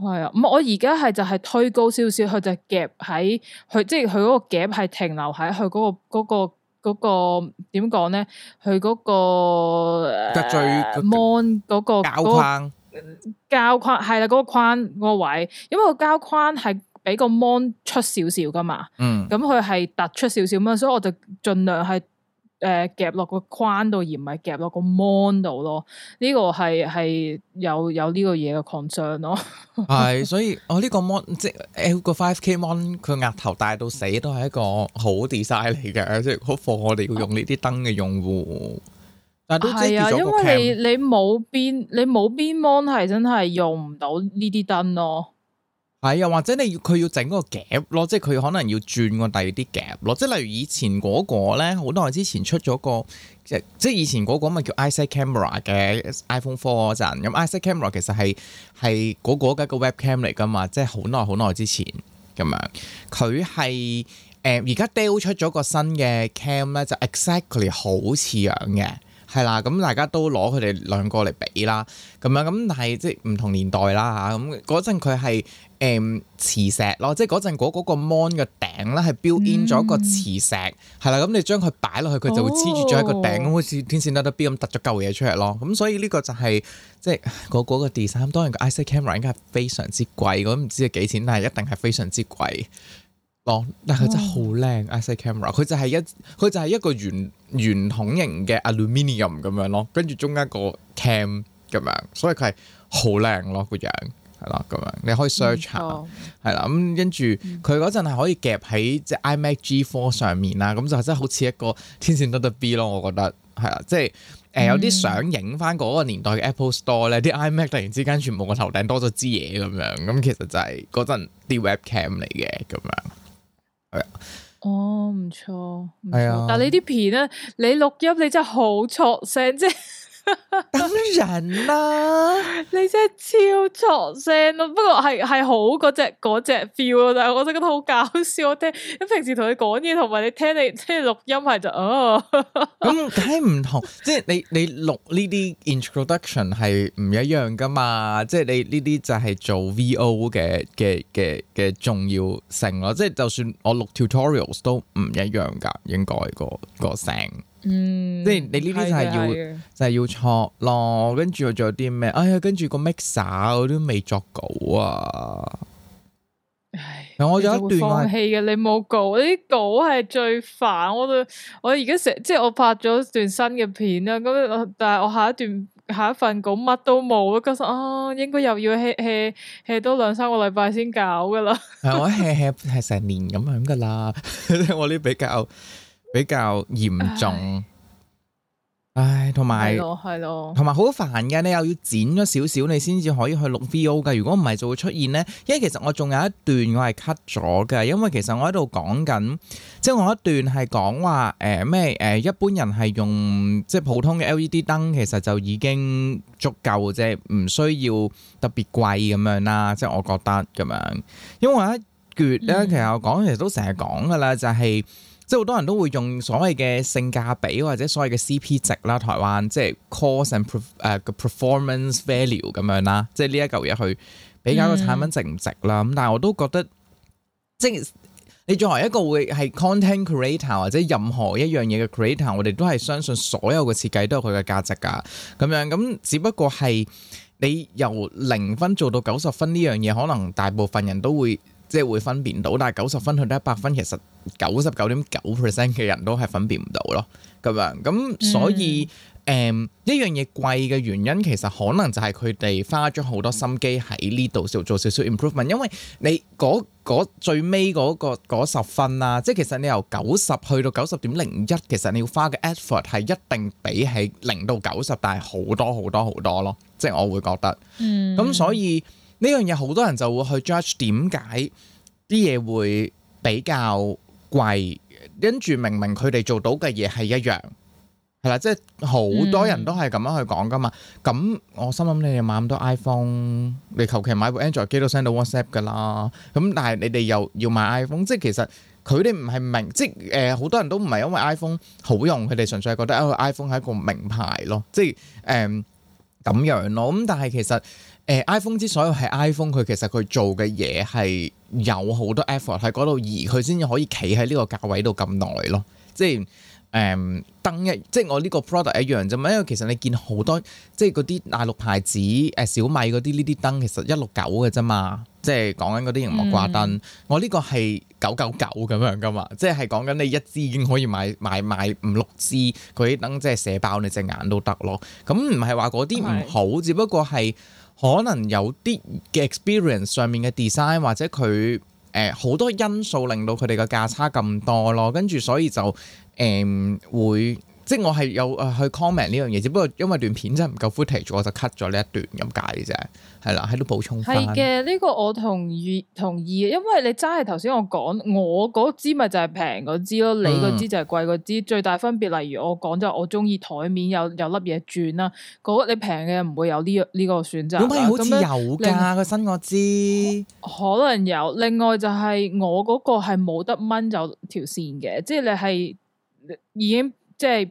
係啊。咁我而家係就係推高少少，佢就夾喺佢即係佢嗰個夾係停留喺佢嗰個嗰、那個嗰、那個點講咧？佢、那、嗰個誒 mon 嗰個膠框膠、那個、框係啦，嗰、啊那個框嗰、那個位，因為個膠框係。俾個 mon 出少少噶嘛，嗯，咁佢係突出少少嘛，所以我就盡量係誒夾落個框度，而唔係夾落個 mon 度咯。呢個係係有有呢個嘢嘅 concern 咯。係，所以我呢個 mon 即係 L 個 five k mon，佢額頭大到死都係一個好 design 嚟嘅，即係好符合我哋要用呢啲燈嘅用戶。係啊，但因為你你冇邊你冇邊 mon 係真係用唔到呢啲燈咯。係啊、哎，或者你要佢要整個 gap 咯，即係佢可能要轉個第二啲 gap 咯，即係例如以前嗰個咧，好耐之前出咗個，即係即係以前嗰個咪叫 iSight Camera 嘅 iPhone Four 嗰陣，咁 iSight Camera 其實係係嗰個一個 web cam 嚟噶嘛，即係好耐好耐之前咁樣，佢係誒而家 deal 出咗個新嘅 cam 咧，就 exactly 好似樣嘅，係啦，咁大家都攞佢哋兩個嚟比啦，咁樣咁但係即係唔同年代啦吓，咁嗰陣佢係。誒、嗯、磁石咯，即係嗰陣嗰個 mon 嘅頂咧，係 build in 咗個磁石，係啦、嗯，咁、嗯、你將佢擺落去，佢就會黐住咗喺個頂，哦、好似天線得得標咁突咗嚿嘢出嚟咯。咁、嗯、所以呢個就係、係、即係嗰、嗰個 design、嗰個。當然個 i c camera 應該係非常之貴，我都唔知係幾錢，但係一定係非常之貴咯。但佢真係好靚 i c camera，佢就係一佢就係一個圓圓筒形嘅 aluminium 咁樣咯，跟住中間個 cam 咁樣，所以佢係好靚咯個樣。係啦，咁樣你可以 search 下，係啦，咁跟住佢嗰陣係可以夾喺即係 iMac G4 上面啦，咁、嗯、就真好似一個天綫得得 B 咯，我覺得係啦，即係誒有啲想影翻嗰個年代嘅 Apple Store 咧，啲 iMac 突然之間全部個頭頂多咗支嘢咁樣，咁其實就係嗰陣啲 webcam 嚟嘅咁樣。哦，唔錯，係啊，的但係你啲片咧，你錄音你真係好錯聲啫。 啦，嗯、 你真係超作聲咯！不過係係好嗰隻隻 feel 啊，但係我真係覺得好搞笑。我聽你平時同你講嘢，同埋你聽你聽錄音係就哦咁睇唔同。 即係你你錄呢啲 introduction 係唔一樣噶嘛？即係你呢啲就係做 VO 嘅嘅嘅嘅重要性咯。即係就算我錄 tutorials 都唔一樣噶，應該個個聲。嗯，即係你呢啲就係要就係要錯咯，跟住又做啲咩？哎呀，跟住個 mixer 我都未作稿啊！唉，我有一段放棄嘅，你冇稿，啲稿係最煩。我我而家成即係我拍咗段新嘅片啊。咁但係我下一段下一份稿乜都冇，覺得啊應該又要吃 e a 多兩三個禮拜先搞噶啦。我 h 吃吃成年咁樣噶啦，我呢比較。比較嚴重，唉，同埋，係咯，係咯，同埋好煩嘅，你又要剪咗少少，你先至可以去錄 VO 噶。如果唔係，就會出現呢。因為其實我仲有一段我係 cut 咗嘅，因為其實我喺度講緊，即係我一段係講話，誒咩誒，一般人係用即係普通嘅 LED 燈，其實就已經足夠啫，唔需要特別貴咁樣啦。即係我覺得咁樣，因為我一撅呢，其實我講其實都成日講噶啦，就係。即係好多人都會用所謂嘅性價比或者所謂嘅 CP 值啦，台灣即係 cost and p r 呃個 performance value 咁樣啦，即係呢一嚿嘢去比較個產品值唔值啦。咁、嗯、但係我都覺得，即係你作為一個會係 content creator 或者任何一樣嘢嘅 creator，我哋都係相信所有嘅設計都有佢嘅價值噶。咁樣咁，只不過係你由零分做到九十分呢樣嘢，可能大部分人都會。即係會分辨到，但係九十分去到一百分，其實九十九點九 percent 嘅人都係分辨唔到咯。咁樣咁所以，誒一樣嘢貴嘅原因，其實可能就係佢哋花咗好多心機喺呢度做做少少 improvement。因為你嗰嗰最尾嗰個嗰十分啊，即係其實你由九十去到九十點零一，其實你要花嘅 effort 係一定比起零到九十，但係好多好多好多咯。即係我會覺得，嗯，咁所以。呢樣嘢好多人就會去 judge 點解啲嘢會比較貴，跟住明明佢哋做到嘅嘢係一樣，係啦，即係好多人都係咁樣去講噶嘛。咁、嗯、我心諗你哋買咁多 iPhone，你求其買部 Android，機都 send 到 WhatsApp 噶啦。咁但係你哋又要買 iPhone，即係其實佢哋唔係明，即係呃、好多人都唔係因為 iPhone 好用，佢哋純粹係覺得 iPhone 係一個名牌咯，即係誒咁樣咯。咁但係其實。誒 iPhone 之所以係 iPhone，佢其實佢做嘅嘢係有好多 effort 喺嗰度，而佢先至可以企喺呢個價位度咁耐咯。即係誒、嗯、燈一，即係我呢個 product 一樣啫嘛。因為其實你見好多即係嗰啲大陸牌子誒小米嗰啲呢啲燈，其實一六九嘅啫嘛。即係講緊嗰啲熒幕掛燈，嗯、我呢個係九九九咁樣噶嘛。即係講緊你一支已經可以買買買五六支佢啲燈即，即係射爆你隻眼都得咯。咁唔係話嗰啲唔好，只不過係。可能有啲嘅 experience 上面嘅 design 或者佢、誒好多因素令到佢哋嘅價差咁多咯，跟住所以就誒、呃、會。即係我係有誒去 comment 呢樣嘢，只不過因為段片真係唔夠 footage，我就 cut 咗呢一段咁解啫，係啦，喺度補充翻。係嘅，呢個我同意同意，因為你齋係頭先我講，我嗰支咪就係平嗰支咯，你嗰支就係貴嗰支，嗯、最大分別例如我講就係我中意枱面有有粒嘢轉啦，嗰你平嘅唔會有呢呢個選擇。點解好似有㗎個新嗰支？可能有。另外就係我嗰個係冇得掹走條線嘅，即係你係已經即係。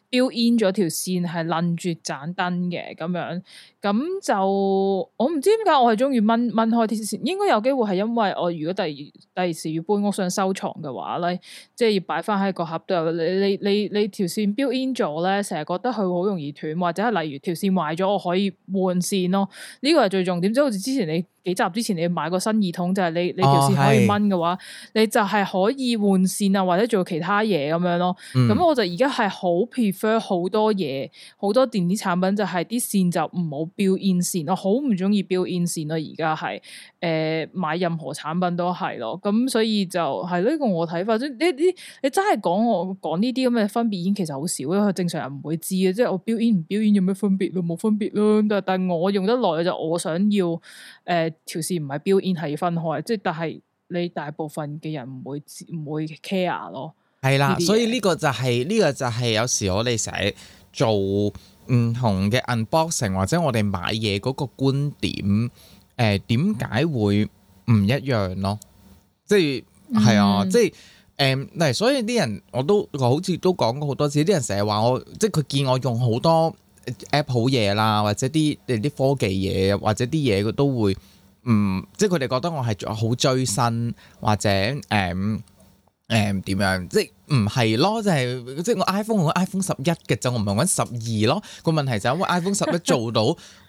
build in 咗條線係攬住盞燈嘅咁樣，咁就我唔知點解我係中意掹掹開條線。應該有機會係因為我如果第二第二時要搬屋想收藏嘅話咧，即係要擺翻喺個盒度。你你你你條線 build in 咗咧，成日覺得佢好容易斷，或者係例如條線壞咗，我可以換線咯。呢、這個係最重點，即係好似之前你幾集之前你買個新耳筒，就係、是、你你條線可以掹嘅話，哦、你就係可以換線啊，或者做其他嘢咁樣咯。咁我就而家係好好多嘢，好多電子產品就係啲線就唔好標 in 線咯，好唔中意標 in 線咯、啊。而家係誒買任何產品都係咯，咁所以就係呢、呢個我睇法。即呢啲你真係講我講呢啲咁嘅分別已經其實好少，因為正常人唔會知嘅。即係我標 in 唔標 in 有咩分別冇分別咯。但係我用得耐就我想要誒條、呃、線唔係標 in 係要分開。即係但係你大部分嘅人唔會唔會 care 咯。係啦，所以呢個就係呢個就係有時我哋成日做唔同嘅 unboxing 或者我哋買嘢嗰個觀點誒，點解會唔一樣咯？即係係啊，即係誒，嗱，所以啲人我都我好似都講過好多次，啲人成日話我，即係佢見我用好多 app 好嘢啦，或者啲啲科技嘢，或者啲嘢佢都會唔、呃、即係佢哋覺得我係好追新或者誒。呃嗯、誒點樣？即係唔係咯？即係即係我 iPhone，我 iPhone 十一嘅就我唔係揾十二咯。個問題就係因為 iPhone 十一做到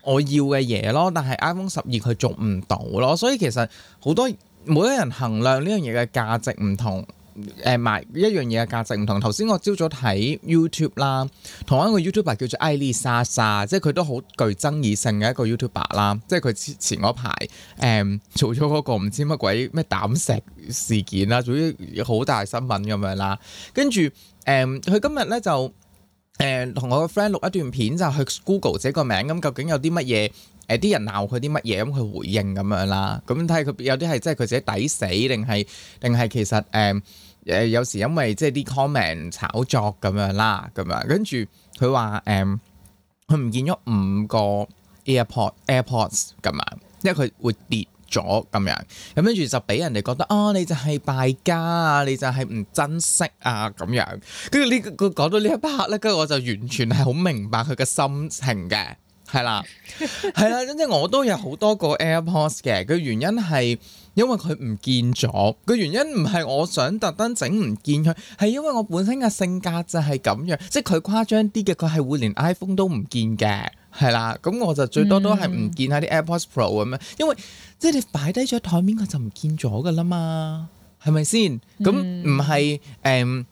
我要嘅嘢咯， 但係 iPhone 十二佢做唔到咯。所以其實好多每一人衡量呢樣嘢嘅價值唔同。誒、嗯、買一樣嘢嘅價值唔同。頭先我朝早睇 YouTube 啦，同一個 YouTuber 叫做艾莉莎莎，即係佢都好具爭議性嘅一個 YouTuber 啦。即係佢前嗰排誒做咗嗰個唔知乜鬼咩膽石事件啦，做啲好大新聞咁樣啦。跟住誒，佢、嗯、今日咧就。誒同、呃、我個 friend 錄一段片就係、去 Google 寫個名咁，究竟有啲乜嘢？誒、呃、啲人鬧佢啲乜嘢？咁佢回應咁樣啦，咁睇下佢有啲係即係佢自己抵死，定係定係其實誒誒、呃呃、有時因為即係啲 comment 炒作咁樣啦，咁樣跟住佢話誒佢唔見咗五個 airport AirPods 咁啊，因為佢會跌。咗咁樣，咁跟住就畀人哋覺得啊、哦，你就係敗家啊，你就係唔珍惜啊咁樣。跟住呢個佢講到呢一 part 咧，跟住我就完全係好明白佢嘅心情嘅。係啦，係啦， 真真我都有好多個 AirPods 嘅，個原因係因為佢唔見咗，個原因唔係我想特登整唔見佢，係因為我本身嘅性格就係咁樣，即係佢誇張啲嘅，佢係會連 iPhone 都唔見嘅，係啦，咁我就最多都係唔見下啲 AirPods Pro 咁樣，因為即係你擺低咗台面，佢就唔見咗噶啦嘛，係咪先？咁唔係誒。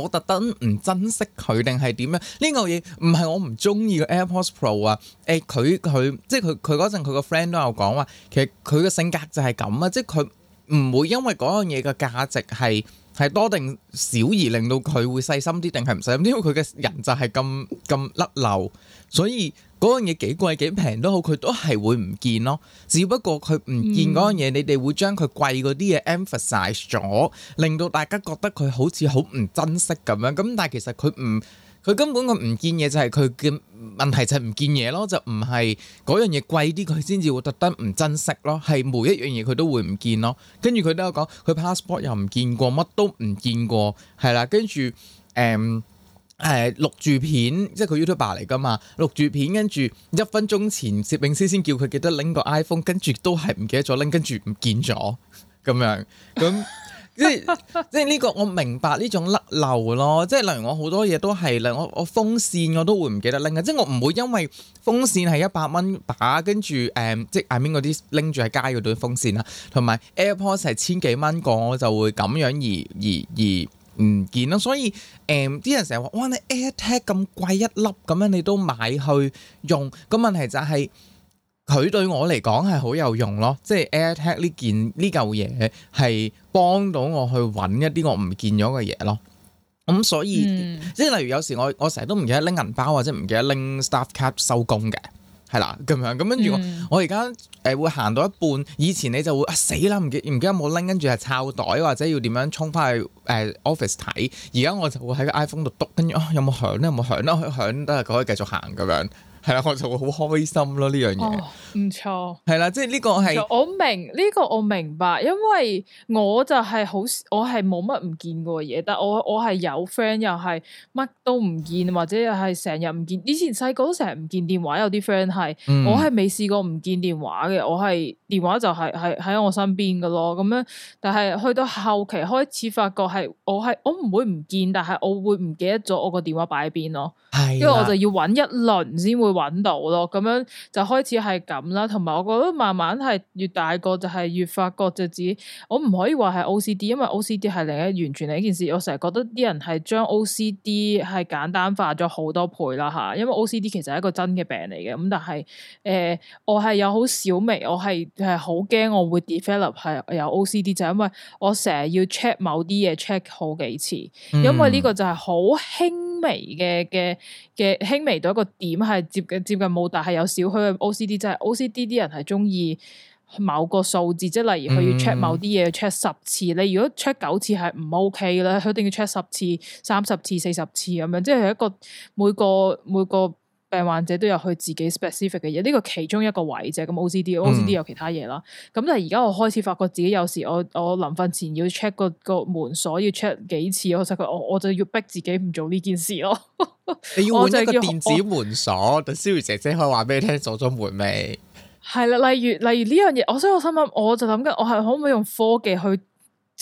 我特登唔珍惜佢定係點樣？呢個嘢唔係我唔中意個 AirPods Pro 啊！誒，佢佢即係佢佢嗰陣佢個 friend 都有講話，其實佢個性格就係咁啊！即係佢唔會因為嗰樣嘢嘅價值係係多定少而令到佢會細心啲定係唔細心，因為佢嘅人就係咁咁甩漏，所以。嗰樣嘢幾貴幾平都好，佢都係會唔見咯。只不過佢唔見嗰樣嘢，嗯、你哋會將佢貴嗰啲嘢 emphasize 咗，令到大家覺得佢好似好唔珍惜咁樣。咁但係其實佢唔，佢根本佢唔見嘢就係佢嘅問題就係唔見嘢咯，就唔係嗰樣嘢貴啲佢先至會特登唔珍惜咯。係每一樣嘢佢都會唔見咯。跟住佢都有講，佢 passport 又唔見過，乜都唔見過，係啦。跟住誒。嗯誒、呃、錄住片，即係佢 YouTuber 嚟㗎嘛，錄住片跟住一分鐘前攝影師先叫佢記得拎個 iPhone，跟住都係唔記得咗拎，跟住唔見咗咁樣。咁即係 即係呢個我明白呢種甩漏咯。即係例如我好多嘢都係，我我風扇我都會唔記得拎嘅，即係我唔會因為風扇係一百蚊把，跟住誒、嗯、即係 I mean 嗰啲拎住喺街嗰度啲風扇啦，同埋 AirPods 係千幾蚊個，我就會咁樣而而而。而而唔見咯，所以誒啲、呃、人成日話：哇！你 AirTag 咁貴一粒咁樣，你都買去用？個問題就係、是、佢對我嚟講係好有用咯，即係 AirTag 呢件呢嚿嘢係幫到我去揾一啲我唔見咗嘅嘢咯。咁、嗯、所以、嗯、即係例如有時我我成日都唔記得拎銀包或者唔記得拎 staff cap 收工嘅。係啦，咁樣咁跟住我而家誒會行到一半，以前你就會啊，死啦，唔記唔記得冇拎，跟住係摷袋或者要點樣衝翻去誒、呃、office 睇。而家我就會喺個 iPhone 度篤，跟住啊，有冇響咧？有冇響咧？有有響都佢可，可以繼續行咁樣。係啦，我就會好開心咯呢樣嘢，哦、唔錯。係啦，即係呢個係我明呢、呢個我明白，因為我就係好，我係冇乜唔見過嘅嘢。但我我係有 friend 又係乜都唔見，或者又係成日唔見。以前細個都成日唔見電話，有啲 friend 係，嗯、我係未試過唔見電話嘅。我係電話就係係喺我身邊嘅咯。咁樣，但係去到後期開始發覺係我係我唔會唔見，但係我會唔記得咗我個電話擺喺邊咯。係嘅，因為我就要揾一輪先會。揾到咯，咁樣就開始係咁啦。同埋，我覺得慢慢係越大個就係越發覺就自己，我唔可以話係 OCD，因為 OCD 係另一完全另一件事。我成日覺得啲人係將 OCD 係簡單化咗好多倍啦吓。因為 OCD 其實係一個真嘅病嚟嘅。咁但係誒、呃，我係有好小微，我係係好驚我會 develop 係有 OCD，就係因為我成日要 check 某啲嘢，check 好幾次。因為呢個就係好輕微嘅嘅嘅輕微到一個點係接。接近冇，但係有少許嘅 OCD，即係 OCD 啲人係中意某個數字，即係例如佢要 check 某啲嘢 check 十次，你如果 check 九次係唔 OK 嘅，佢一定要 check 十次、三十次、四十次咁樣，即係一個每個每個，每個病患者都有佢自己 specific 嘅嘢，呢、呢個其中一個位就咁 OCD，OCD 有其他嘢啦。咁但係而家我開始發覺自己有時我我臨瞓前要 check 個個門鎖要 check 幾次，我實佢我我就要逼自己唔做呢件事咯。 你要換一個電子門鎖，等 Siri 姐姐可以話俾你聽鎖咗門未？係啦，例如例如呢樣嘢，所以我心諗，我就諗緊，我係可唔可以用科技去？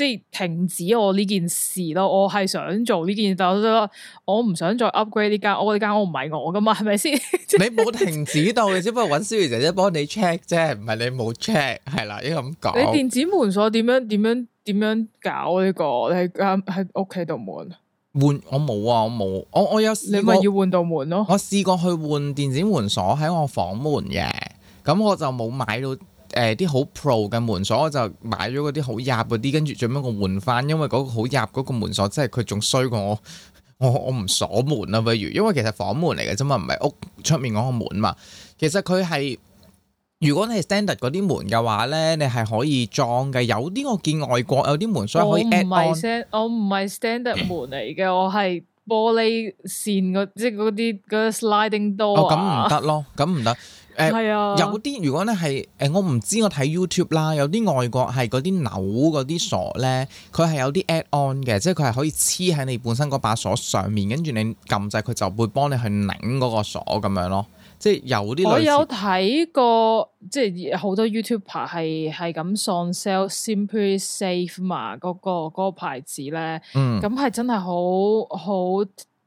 即係停止我呢件事咯，我係想做呢件事，但我係我唔想再 upgrade 呢間，哦、我呢間屋唔係我噶嘛，係咪先？ 你冇停止到，你只不過揾舒怡姐姐幫你 check 啫，唔係你冇 check 係啦，應該咁講。你電子門鎖點樣點樣點樣搞呢、這個？你喺屋企度換換？我冇啊，我冇，我我有，你咪要換到門咯。我試過去換電子門鎖喺我房門嘅，咁我就冇買到。誒啲好 pro 嘅門鎖，我就買咗嗰啲好入嗰啲，跟住最尾我換翻，因為嗰個好入嗰個門鎖，即係佢仲衰過我，我我唔鎖門啦，不如，因為其實房門嚟嘅啫嘛，唔係屋出面嗰個門嘛，其實佢係如果你係 standard 嗰啲門嘅話咧，你係可以裝嘅，有啲我見外國有啲門鎖可以 add on，我唔係 standard 門嚟嘅，我係玻璃扇嗰即係嗰啲嗰個 sliding door 啊，咁唔得咯，咁唔得。誒、呃啊、有啲如果咧係誒我唔知我睇 YouTube 啦，有啲外國係嗰啲扭嗰啲鎖咧，佢係有啲 add on 嘅，即係佢係可以黐喺你本身嗰把鎖上面，跟住你撳掣，佢就會幫你去擰嗰個鎖咁樣咯，即係有啲類似，我有睇過， 即係好多 YouTuber 係係咁上 sell Simply Safe 嘛，嗰、嗰個牌子咧，咁係、嗯、真係好好。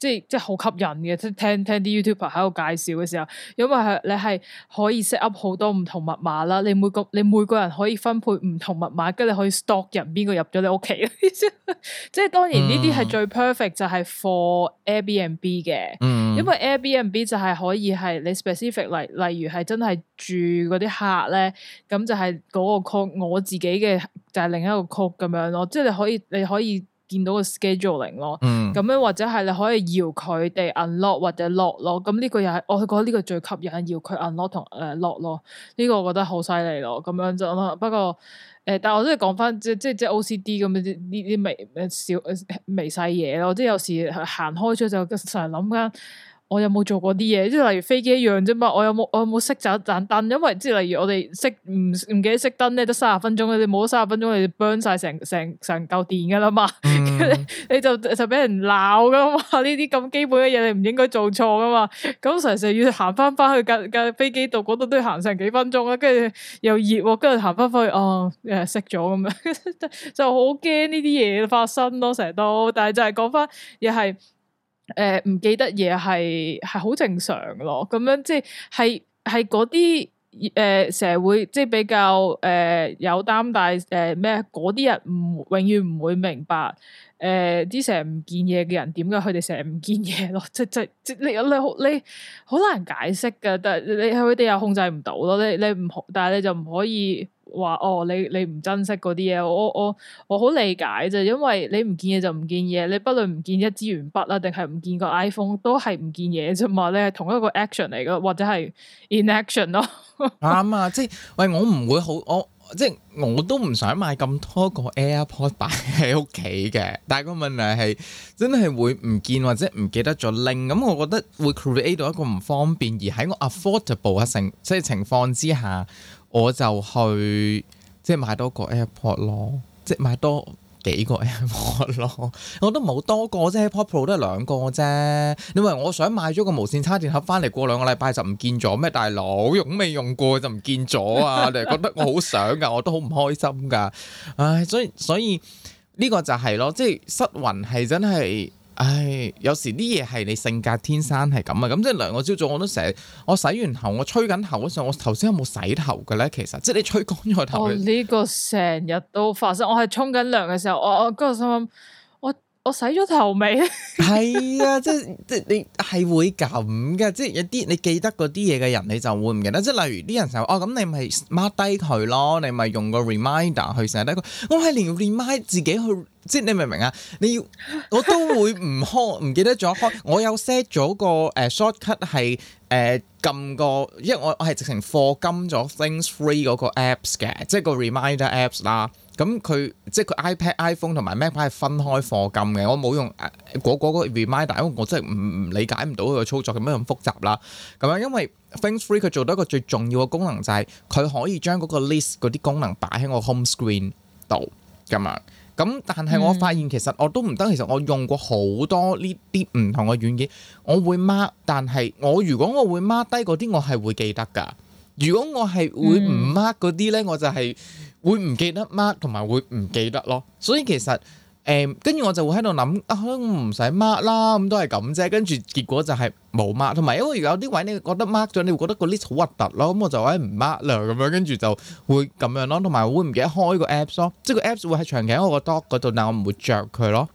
即係即好吸引嘅，即係聽聽啲 YouTuber 喺度介紹嘅時候，因為係你係可以 set up 好多唔同密碼啦，你每個你每個人可以分配唔同密碼，跟住你可以 stalk 人邊個入咗你屋企。 即係當然呢啲係最 perfect 就係 for Airbnb 嘅，嗯、因為 Airbnb 就係可以係你 specific 例例如係真係住嗰啲客咧，咁就係嗰個 code 我自己嘅就係另一個 code 咁樣咯，即係你可以你可以。見到個 scheduling 咯，咁、嗯、樣或者係你可以搖佢哋 unlock 或者 lock 咯，咁呢個又係我覺得呢個最吸引，搖佢 unlock 同誒、uh, lock 咯，呢、呢個我覺得好犀利咯，咁樣就不過誒、呃，但係我都係講翻即即即 OCD 咁啲啲微小微細嘢咯，即有時行開咗就成日諗緊。我有冇做過啲嘢？即係例如飛機一樣啫嘛。我有冇我有冇熄盞盞燈？因為即係例如我哋熄唔唔記得熄燈咧，得卅分鐘。你冇咗卅分鐘，你就 burn 晒成成成嚿電噶啦嘛。你就就俾人鬧噶嘛。呢啲咁基本嘅嘢，你唔應該做錯噶嘛。咁成成要行翻翻去架架飛機度嗰度都要行成幾分鐘啦。跟住又熱，跟住行翻翻去哦誒熄咗咁樣，就好驚呢啲嘢發生咯。成日都，但係就係講翻，又係。誒，唔、呃、記得嘢係係好正常咯，咁樣即係係嗰啲誒，社、呃、會即係比較誒、呃、有擔大，但誒咩嗰啲人唔永遠唔會明白，誒啲成日唔見嘢嘅人點解佢哋成日唔見嘢咯？即即即你你好你好難解釋噶，但係你佢哋又控制唔到咯，你你唔好但係你就唔可以。話哦，你你唔珍惜嗰啲嘢，我我我好理解啫，因為你唔見嘢就唔見嘢，你不論唔見一支鉛筆啊，定係唔見個 iPhone，都係唔見嘢啫嘛。你係同一個 action 嚟嘅，或者係 in action 咯。啱啊，即係喂，我唔會好，我即係我都唔想買咁多個 AirPod 擺喺屋企嘅，但係個問題係真係會唔見或者唔記得咗拎，咁、嗯、我覺得會 create 到一個唔方便，而喺我 affordable 性即係情況之下。我就去即係買多個 AirPod 咯，即係買多幾個 AirPod 咯。我都冇多個，即係 AirPod Pro 都係兩個啫。你話我想買咗個無綫插電盒翻嚟，過兩個禮拜就唔見咗咩？大佬用未用過就唔見咗啊？你係覺得我好想㗎， 我都好唔開心㗎。唉，所以所以呢個就係咯，即係失魂係真係。唉，有時啲嘢係你性格天生係咁啊！咁即係兩個朝早我都成日，我洗完頭，我吹緊頭嗰時候，我頭先有冇洗頭嘅咧？其實即係你吹乾咗頭。呢個成日都發生。我係沖緊涼嘅時候，我我個心諗，我我洗咗頭未？係 啊，即即係你係會咁嘅，即係有啲你記得嗰啲嘢嘅人，你就會唔記得。即係例如啲人成日，哦咁你咪抹低佢咯，你咪用個 reminder 去寫低佢。我係連 remind 自己去。即係你明唔明啊？你要我都會唔開，唔 記得咗開。我有 set 咗個誒 shortcut 係誒撳個，因為我我係直情課金咗 Things 3嗰個 apps 嘅，即係個 reminder apps 啦。咁佢即係佢 iPad、iPhone 同埋 MacBook 係分開課金嘅。我冇用嗰、呃嗰個、嗰個、reminder，因為我真係唔理解唔到佢個操作咁樣咁複雜啦。咁啊，因為 Things 3佢做到一個最重要嘅功能就係、是、佢可以將嗰個 list 嗰啲功能擺喺我 home screen 度咁啊。咁但係我發現其實我都唔得，其實我用過好多呢啲唔同嘅軟件，我會 mark，但係我如果我會 mark 低嗰啲，我係會記得㗎。如果我係會唔 mark 嗰啲咧，我就係會唔記得 mark，同埋會唔記得咯。所以其實。誒，跟住我就會喺度諗，唔使 mark 啦，咁都係咁啫。跟住結果就係冇 mark，同埋因為有啲位你覺得 mark 咗，你會覺得個 list 好核突咯。咁我就話唔 mark 啦，咁樣跟住就會咁樣咯。同埋會唔記得開個 apps 咯，即係個 apps 會係長期喺我個 dock 嗰度，但係我唔會著佢咯，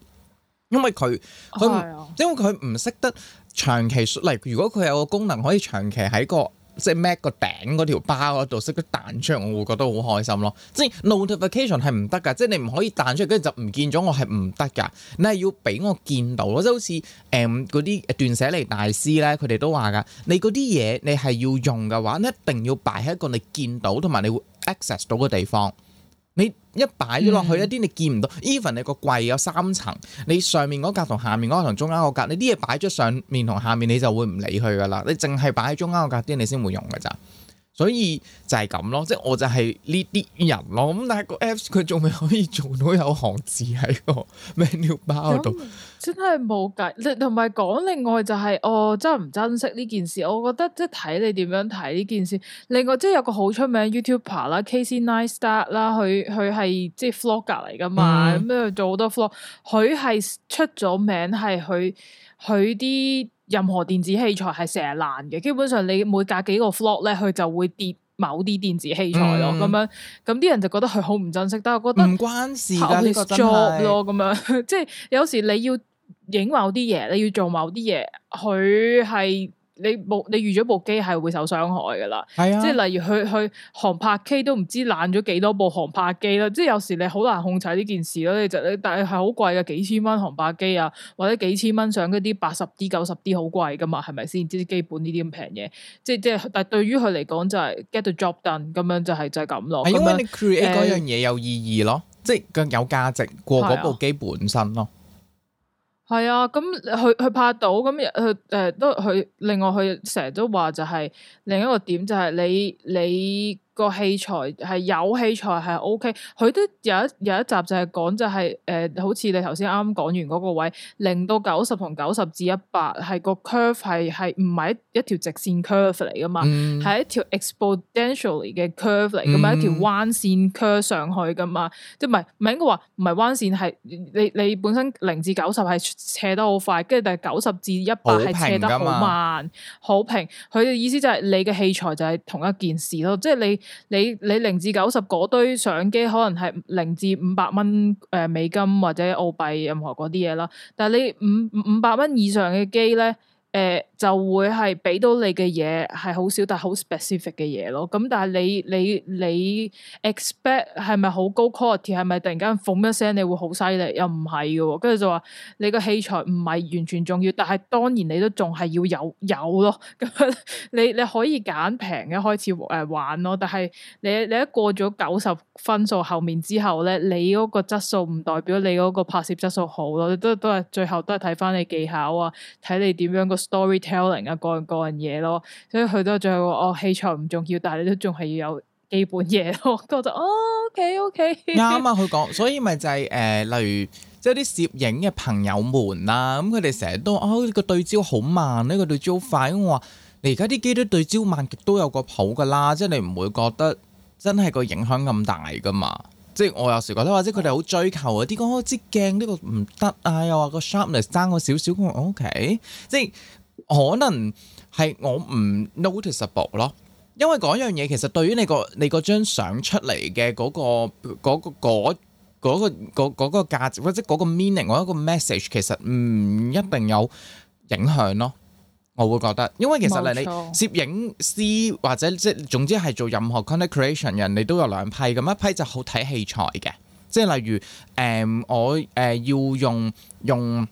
因為佢佢因為佢唔識得長期，例如如果佢有個功能可以長期喺個。即係 Mac 個頂嗰條巴嗰度，識得彈出嚟，我會覺得好開心咯。即係 notification 係唔得㗎，即係你唔可以彈出嚟，跟住就唔見咗，我係唔得㗎。你係要俾我見到，即係好似誒嗰啲斷捨離大師咧，佢哋都話㗎，你嗰啲嘢你係要用嘅話，你一定要擺喺一個你見到同埋你會 access 到嘅地方。一擺咗落去，一啲你見唔到。Even、嗯、你個櫃有三層，你上面嗰格同下面嗰格同中間嗰格，你啲嘢擺咗上面同下面，你就會唔理佢噶啦。你淨係擺喺中間嗰格啲，你先會用噶咋。所以就係咁咯，即係我就係呢啲人咯，咁但係個 apps 佢仲未可以做到有行字喺個 menu 包度、嗯，真係冇計。你同埋講另外就係、是，哦，真係唔珍惜呢件事。我覺得即係睇你點樣睇呢件事。另外即係有個好出名 YouTuber 啦，Casey Neistat 啦，佢佢係即係 Vlogger 嚟㗎嘛，咁佢、啊、做好多 Vlog，佢係出咗名係佢佢啲。任何電子器材係成日爛嘅，基本上你每隔幾個 floor 咧，佢就會跌某啲電子器材咯，咁、嗯、樣，咁啲人就覺得佢好唔珍惜，但係我覺得唔關事你個 job 咯，咁樣，即係有時你要影某啲嘢，你要做某啲嘢，佢係。你預部你預咗部機係會受傷害噶啦，即係例如去去航拍機都唔知爛咗幾多部航拍機啦，即係有時你好難控制呢件事咯，你就但係係好貴噶，幾千蚊航拍機啊，或者幾千蚊上嗰啲八十 D、九十 D 好貴噶嘛，係咪先？即係基本呢啲咁平嘢，即係即係，但係對於佢嚟講就係 get the job done 咁樣就係、是、就係咁咯。係因為你 create 嗰樣嘢有意義咯，呃、即係更有價值過嗰部機本身咯。係啊，咁佢佢拍到，咁佢誒都佢另外佢成日都話就係、是、另一個點就係你你。你個器材係有器材係 OK，佢都有一有一集就係講就係、是、誒、呃，好似你頭先啱啱講完嗰個位零到九十同九十至 100, 是是一百係個 curve 係係唔係一條直線 curve 嚟噶嘛？係、嗯、一條 exponentially 嘅 curve 嚟噶嘛？嗯、一條彎線 curve 上去噶嘛？即係唔係唔係應該話唔係彎線係你你本身零至九十係斜得好快，跟住但係九十至一百係斜得好慢，好平,平。佢嘅意思就係你嘅器材就係同一件事咯，即係你。你你零至九十嗰堆相機，可能係零至五百蚊，誒，美金或者澳幣任何嗰啲嘢啦，但係你五五百蚊以上嘅機咧。誒、呃、就會係俾到你嘅嘢係好少，但係好 specific 嘅嘢咯。咁但係你你你 expect 係咪好高 quality？係咪突然間鳳一聲你會好犀利？又唔係嘅喎。跟住就話你個器材唔係完全重要，但係當然你都仲係要有有咯。咁 樣，你你可以揀平嘅開始誒玩咯。但係你你一過咗九十分數後面之後咧，你嗰個質素唔代表你嗰個拍攝質素好咯。都都係最後都係睇返你技巧啊，睇你點樣個。storytelling 啊，各人各人嘢咯，所以佢都最後哦，器材唔重要，但係你都仲係要有基本嘢咯。咁我覺得哦，OK OK，啱啊，佢講、 嗯，所以咪就係、是、誒、呃，例如即係啲攝影嘅朋友們啦、啊，咁佢哋成日都哦、這個對焦好慢呢、呢個對焦快，我話你而家啲機都對焦慢，亦都有個譜噶啦，即係你唔會覺得真係個影響咁大噶嘛？即係我有時覺得，或者佢哋好追求啊，啲嗰支鏡呢個唔得啊，又話個 sharpness 爭個少少，我 OK。即係可能係我唔 noticeable 咯，因為嗰樣嘢其實對於你個你嗰張相出嚟嘅嗰個嗰個嗰嗰個嗰嗰個價值或者嗰個 meaning，我一個 message 其實唔一定有影響咯。我會覺得，因為其實你攝影師或者即係總之係做任何 content creation 人，你都有兩批咁，一批就好睇器材嘅，即係例如誒、呃、我誒、呃、要用用誒、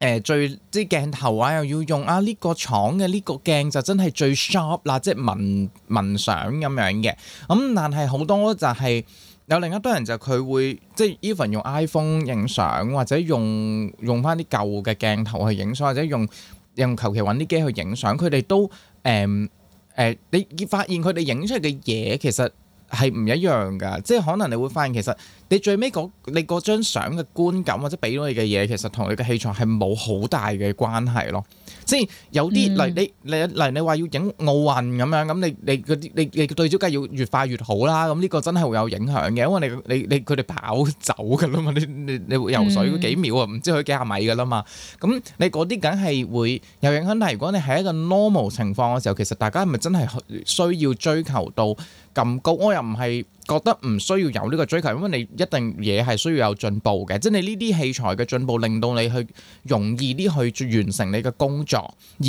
呃、最啲鏡頭啊，又要用啊呢、呢個廠嘅呢個鏡就真係最 sharp 啦、啊，即係文文相咁樣嘅。咁、嗯、但係好多就係、是、有另一多人就佢會即係 even 用 iPhone 影相，或者用用翻啲舊嘅鏡頭去影相，或者用。用用求其揾啲機去影相，佢哋都誒誒，你發現佢哋影出嚟嘅嘢其實～係唔一樣㗎，即係可能你會發現其實你最尾嗰你嗰張相嘅觀感或者俾到你嘅嘢，其實同你嘅器材係冇好大嘅關係咯。即係有啲，嗯、例如你，例如你話要影奧運咁樣，咁你你你你對焦梗要越快越好啦。咁呢個真係會有影響嘅，因為你你佢哋跑走㗎啦嘛，你你你游水嗰幾秒啊，唔、嗯、知佢幾廿米㗎啦嘛。咁你嗰啲梗係會有影響。但係如果你係一個 normal 情況嘅時候，其實大家係咪真係需要追求到？咁高，我又唔係覺得唔需要有呢個追求，因為你一定嘢係需要有進步嘅，即係你呢啲器材嘅進步令到你去容易啲去完成你嘅工作，而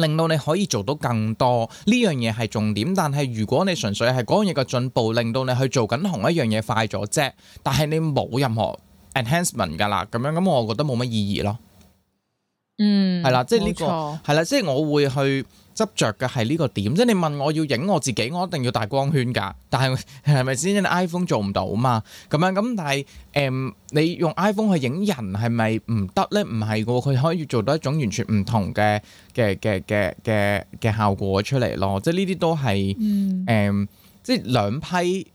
令到你可以做到更多呢樣嘢係重點。但係如果你純粹係嗰樣嘢嘅進步令到你去做緊同一樣嘢快咗啫，但係你冇任何 enhancement 噶啦，咁樣咁我覺得冇乜意義咯。嗯，係啦，即係、這、呢個係啦冇錯，即係我會去。執着嘅係呢個點，即係你問我要影我自己，我一定要大光圈㗎。但係係咪 先？iPhone 做唔到嘛？咁樣咁，但係誒、呃，你用 iPhone 去影人係咪唔得咧？唔係嘅，佢可以做到一種完全唔同嘅嘅嘅嘅嘅嘅效果出嚟咯。即係呢啲都係誒、嗯呃，即係兩批，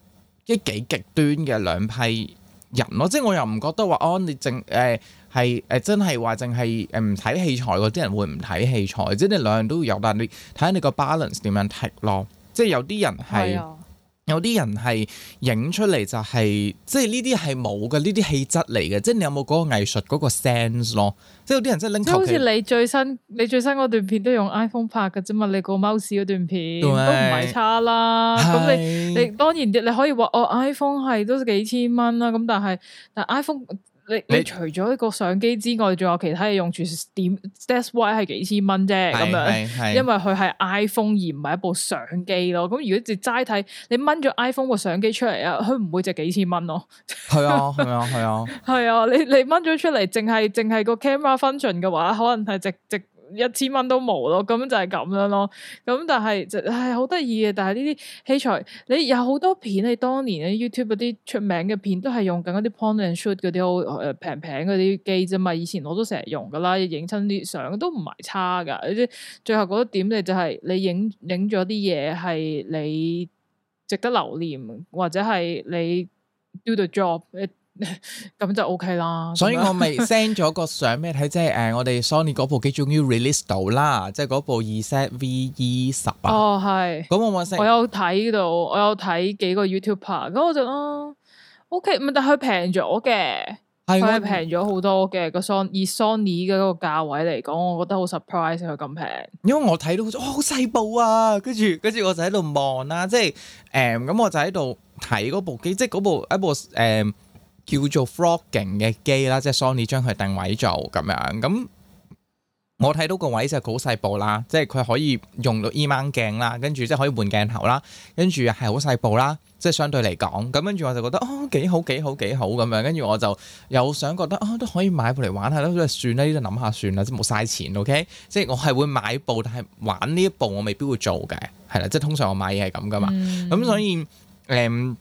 即幾極端嘅兩批。人咯，即係我又唔覺得話，哦，你淨誒係誒真係話淨係誒唔睇器材嗰啲人會唔睇器材，即你兩樣都要有，但係你睇下你個 balance 點樣踢咯，即係有啲人係。哎有啲人係影出嚟就係、是，即係呢啲係冇嘅，呢啲氣質嚟嘅，即係你有冇嗰個藝術嗰個 sense 咯？即係有啲人即係拎，好似你最新你最新嗰段片都用 iPhone 拍嘅啫嘛，你個貓屎嗰段片對都唔係差啦。咁是你你，你當然，你可以話我、哦、iPhone 係都幾千蚊啦。咁但係但係 iPhone。你你除咗一個相機之外，仲有其他嘅用處？點？That's why 係幾千蚊啫，咁是樣，因為佢係 iPhone 而唔係一部相機咯。咁如果只齋睇，你掹咗 iPhone 個相機出嚟啊，佢唔會值幾千蚊咯。係 啊，係啊，係啊，係啊， 啊，你你掹咗出嚟，淨係淨係個 camera function 嘅話，可能係值值。值一千蚊都冇咯，咁就係咁樣咯。咁但係就係好得意嘅。但係呢啲器材，你有好多片，你當年嘅 YouTube 嗰啲出名嘅片，都係用緊嗰啲 point and shoot 嗰啲好誒平平嗰啲機啫嘛。以前我都成日用噶啦，影親啲相都唔係差噶。即最後嗰一點你，你就係你影影咗啲嘢係你值得留念，或者係你 do the job。咁 就 OK 啦，所以我咪 send 咗個相俾你睇。即係誒，我哋 Sony 嗰部機終於 release 到啦，即係嗰部 ZV-E10 啊。哦，係咁，我我我有睇到，我有睇幾個 YouTuber，咁我就啦，OK，唔係但佢平咗嘅，佢係平咗好多嘅。個 Sony Sony 嘅嗰個價位嚟講，我覺得好 surprise 佢咁平。因為我睇到，哇、哦，好細部啊，跟住跟住我就喺度望啦，即係誒，咁、嗯、我就喺度睇嗰部機，即係嗰部一部誒。叫做 Vlogging 嘅機啦，即係 Sony 將佢定位做咁樣。咁我睇到個位就好細部啦，即係佢可以用到 E 望鏡啦，跟住即係可以換鏡頭啦，跟住係好細部啦，即係相對嚟講。咁跟住我就覺得哦幾好幾好幾好咁樣，跟住我就又想覺得啊、哦、都可以買部嚟玩下啦，咯。算啦，呢度諗下算啦，即係冇嘥錢。OK，即係我係會買部，但係玩呢一部我未必會做嘅，係啦。即係通常我買嘢係咁噶嘛。咁、嗯、所以誒。嗯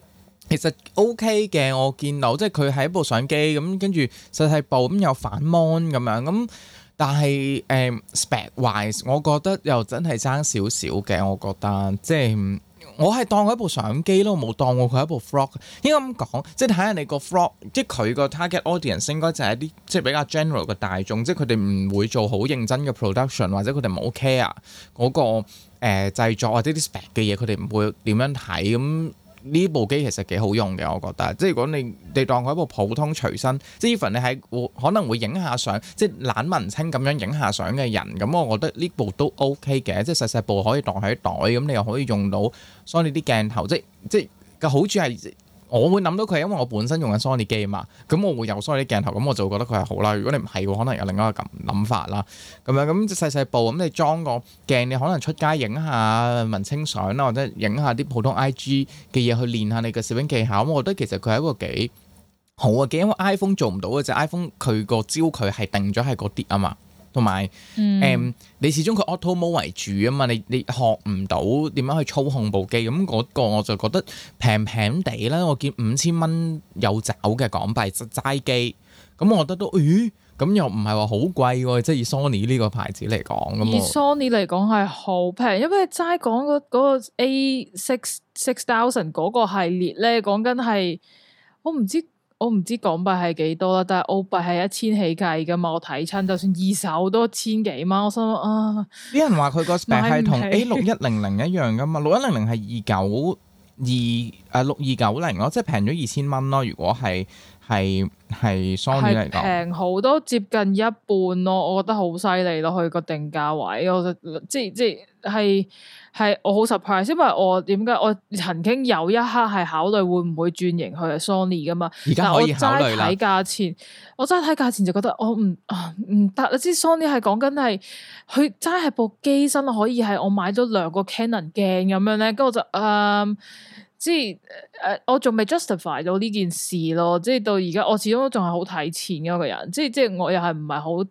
其實 OK 嘅，我見到即係佢係一部相機咁，跟住細細部咁、嗯、有反 Mon 咁樣咁、嗯，但係誒、呃、spec wise，我覺得又真係爭少少嘅。我覺得即係我係當佢一部相機咯，冇當過佢一部 vlog。應該咁講，即係睇下你個 vlog 即係佢個 target audience 應該就係一啲即係比較 general 嘅大眾，即係佢哋唔會做好認真嘅 production，或者佢哋唔 care 嗰個、呃、製作或者啲 spec 嘅嘢，佢哋唔會點樣睇咁。嗯呢部機其實幾好用嘅，我覺得。即係如果你你當佢一部普通隨身，即係 even 你喺可能會影下相，即係懶文青咁樣影下相嘅人，咁我覺得呢部都 OK 嘅。即係細細部可以當喺袋，咁你又可以用到。所以你啲鏡頭，即係即係個好處係。我會諗到佢，因為我本身用緊 Sony 機啊嘛，咁我會有 Sony 啲鏡頭，咁我就覺得佢係好啦。如果你唔係，可能有另一個諗諗法啦。咁樣咁細細步咁你裝個鏡，你可能出街影下文青相啦，或者影下啲普通 IG 嘅嘢去練下你嘅攝影技巧。咁我覺得其實佢係一個幾好嘅機，因為做 iPhone 做唔到嘅啫，iPhone 佢個焦距佢係定咗係嗰啲啊嘛。同埋誒，你始終佢 auto mode 為主啊嘛，你你學唔到點樣去操控部機咁，嗰、嗰個我就覺得平平地啦。我見五千蚊有找嘅港幣齋機，咁我覺得都，咦，咁又唔係話好貴喎。即係以 Sony 呢個牌子嚟講，咁。以 Sony 嚟講係好平，因為齋講嗰個 A Six Six Thousand 嗰個系列咧，講緊係我唔知。我唔知港幣係幾多啦，但係澳幣係一千起計噶嘛，我睇親就算二手都千幾蚊，我心諗啊！啲人話佢個價係同 A 六一零零一樣噶嘛，六一零零係二九二誒六二九零咯，即係平咗二千蚊咯。如果係係係 Sony 嚟講，平好多接近一半咯，我覺得好犀利咯，佢個定價位，我覺得即即。係係，我好 surprise，因為我點解我曾經有一刻係考慮會唔會轉型去 Sony 噶嘛，而家可以考慮啦。我齋睇價錢，我齋睇價錢就覺得我唔，啊唔得。即 Sony 係講緊係佢齋係部機身可以係我買咗兩個 Canon 鏡咁樣咧，跟住我就嗯、呃、即係誒、呃、我仲未 justify 咗呢件事咯。即係到而家我始終都仲係好睇錢嘅一個人，即係即係我又係唔係好。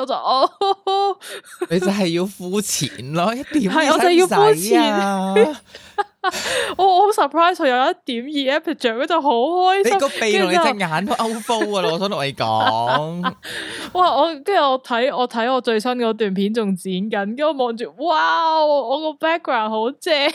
我就我，哦、呵呵你真係要膚淺咯，一點係我就要膚淺啊！ 我好 surprise，佢有一點二 aperture 我就好開心。你個鼻同你隻眼都勾煲啊！我想同你講，哇！我跟住我睇我睇我最新嗰段片仲剪緊，跟住我望住，哇！我個 background 好正。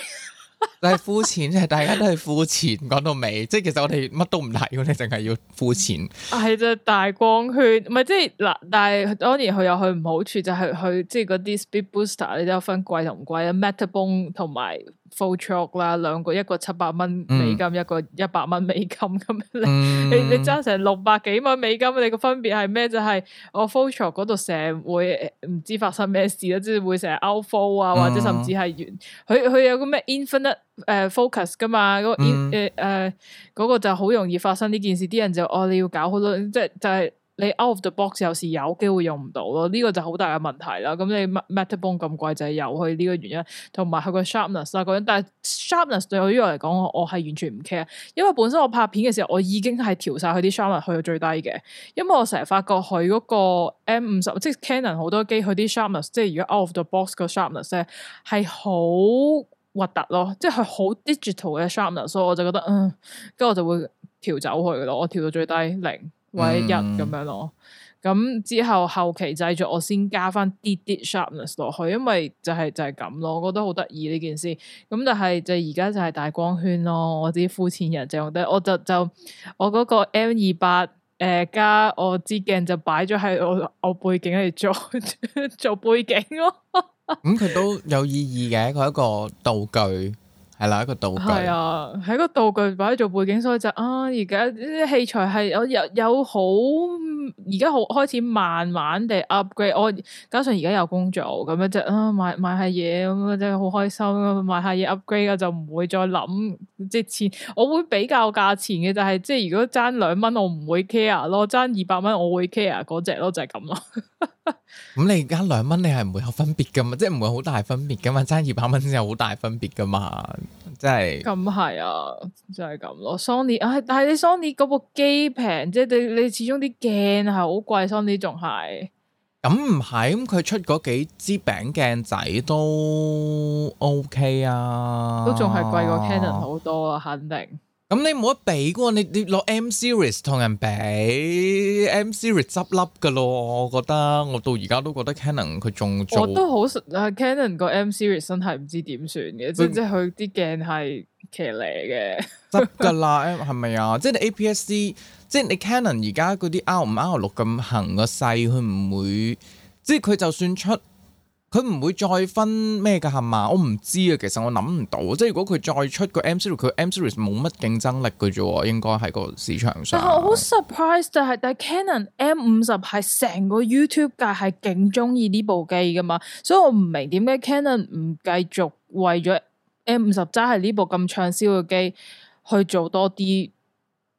但係膚淺，即係 大家都係膚淺，講到尾，即係其實我哋乜都唔睇嘅，你淨係要膚淺。係就大光圈，唔係即係嗱，但係當然佢有佢唔好處，就係、是、佢即係嗰啲 speed booster 你都有分貴同唔貴啊 Metabones 同埋。f o l l shop 啦，兩個一個七百蚊美金，嗯、一個一百蚊美金咁樣、嗯， 你你爭成六百幾蚊美金，你個分別係咩？就係、是、我 f o l l shop 嗰度成會唔知發生咩事啦，即係會成日 outfall 啊，或者甚至係完，佢佢、嗯、有個咩 infinite 誒、uh, focus 噶嘛，嗰、那個 in 誒誒、嗯呃那個就好容易發生呢件事，啲人就哦你要搞好多，即係就係、是。你 out of the box 有時有機會用唔到咯，呢個就好大嘅問題啦。咁你 Metabone 咁貴就係由佢呢個原因，同埋佢個 sharpness 啊樣。但係 sharpness 對我呢個嚟講，我係完全唔 care，因為本身我拍片嘅時候，我已經係調晒佢啲 sharpness 去到最低嘅。因為我成日發覺佢嗰個 M 五十，即係 Canon 好多機佢啲 sharpness，即係如果 out of the box 嘅 sharpness 咧，係好核突咯，即係好 digital 嘅 sharpness，所以我就覺得，嗯，跟住我就會調走佢噶咯，我調到最低零。或一日咁樣咯，咁之後後期製作我先加翻啲啲 sharpness 落去，因為就係、係、就係咁咯，我覺得好得意呢件事。咁但係就而家就係大光圈咯，我啲膚淺人就覺得，我就就我嗰個 M 二八誒加我支鏡就擺咗喺我我背景去做做背景咯。咁 佢、嗯、都有意義嘅，佢、係、一個道具。係啦，啊，一個道具係啊，喺個道具或者做背景，所以就啊，而家呢啲器材係有有有好，而家好開始慢慢地 upgrade 我。我加上而家有工作咁樣就啊，買買下嘢，咁啊，真係好開心。買下嘢 upgrade 啊，就唔會再諗即係錢。我會比較價錢嘅，就係即係如果爭兩蚊，我唔會 care 咯；爭二百蚊，我會 care 嗰隻咯，就係咁咯。 咁你而家兩蚊，你係唔會有分別噶嘛？即係唔會好大分別噶嘛？爭二百蚊先有好大分別噶嘛？即係。咁係啊，就係咁咯。Sony 啊、嗯，但係你 Sony 嗰部機平，即係你你始終啲鏡係好貴。Sony 仲係。咁唔係，咁佢出嗰幾支餅鏡仔都 OK 啊， 都仲係貴過 Canon 好多啊，肯定。咁、嗯、你冇得俾噶喎，你你攞 M series 同人比 M series 執笠噶咯？我覺得我到而家都覺得 Canon 佢仲做我都好熟啊。Canon 個 M series 真係唔知點算嘅，嗯、即係佢啲鏡係騎呢嘅執笠噶啦，係咪 啊？即係 A P S C，即係你 Canon 而家嗰啲 R 五 R 六咁行個勢，佢唔會即係佢就算出。佢唔會再分咩噶係嘛？我唔知啊。其實我諗唔到，即係如果佢再出個 M 系列，佢 M series 冇乜競爭力噶啫，應該喺個市場上。但係我好 surprise 就係，是，但係 Canon M 五十係成個 YouTube 界係勁中意呢部機噶嘛，所以我唔明點解 Canon 唔繼續為咗 M 五十齋係呢部咁暢銷嘅機去做多啲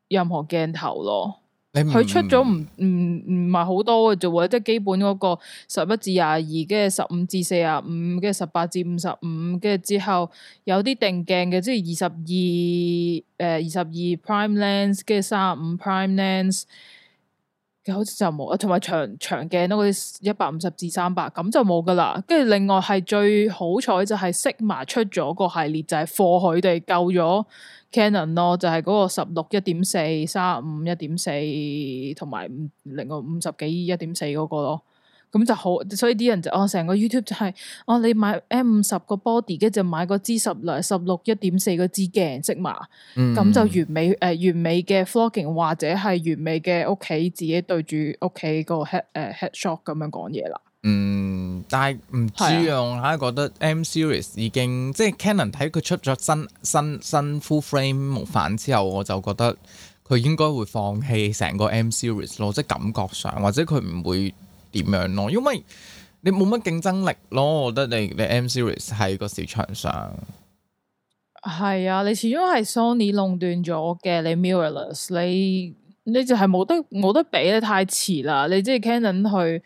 任何鏡頭咯。佢出咗唔唔唔，唔係好多嘅啫喎，即係基本嗰個十一至廿二，跟住十五至四十五，跟住十八至五十五，跟住之後有啲定鏡嘅，即係二十二，誒二十二 prime lens，跟住三十五 prime lens。好似就冇，啊同埋長長鏡咯，嗰啲一百五十至三百咁就冇噶啦。跟住另外係最好彩就係 Sigma 出咗個系列，就係貨佢哋救咗 Canon 咯，就係、是、嗰個十六一點四、三十五一點四同埋五，另外五十幾一點四嗰個咯。咁就好，所以啲人就哦，成個 YouTube 就係、是、哦，你買 M50 個 body，嘅，就買個支十零十六一點四個支鏡即嘛，咁、嗯、就完美誒、呃，完美嘅 vlogging 或者係完美嘅屋企自己對住屋企個 head 誒、呃、head shot 咁樣講嘢啦。嗯，但係唔知啊，啊我覺得 M series 已經即係 Canon 睇佢出咗新新新 full frame 無反之後，我就覺得佢應該會放棄成個 M series 咯，即係感覺上或者佢唔會。點樣咯？因為你冇乜競爭力咯，我覺得你你 M Series 喺個市場上係啊，你始終係 Sony 壟斷咗嘅，你 Mirrorless 你你就係冇得冇得比咧，太遲啦。你即係 Canon 去。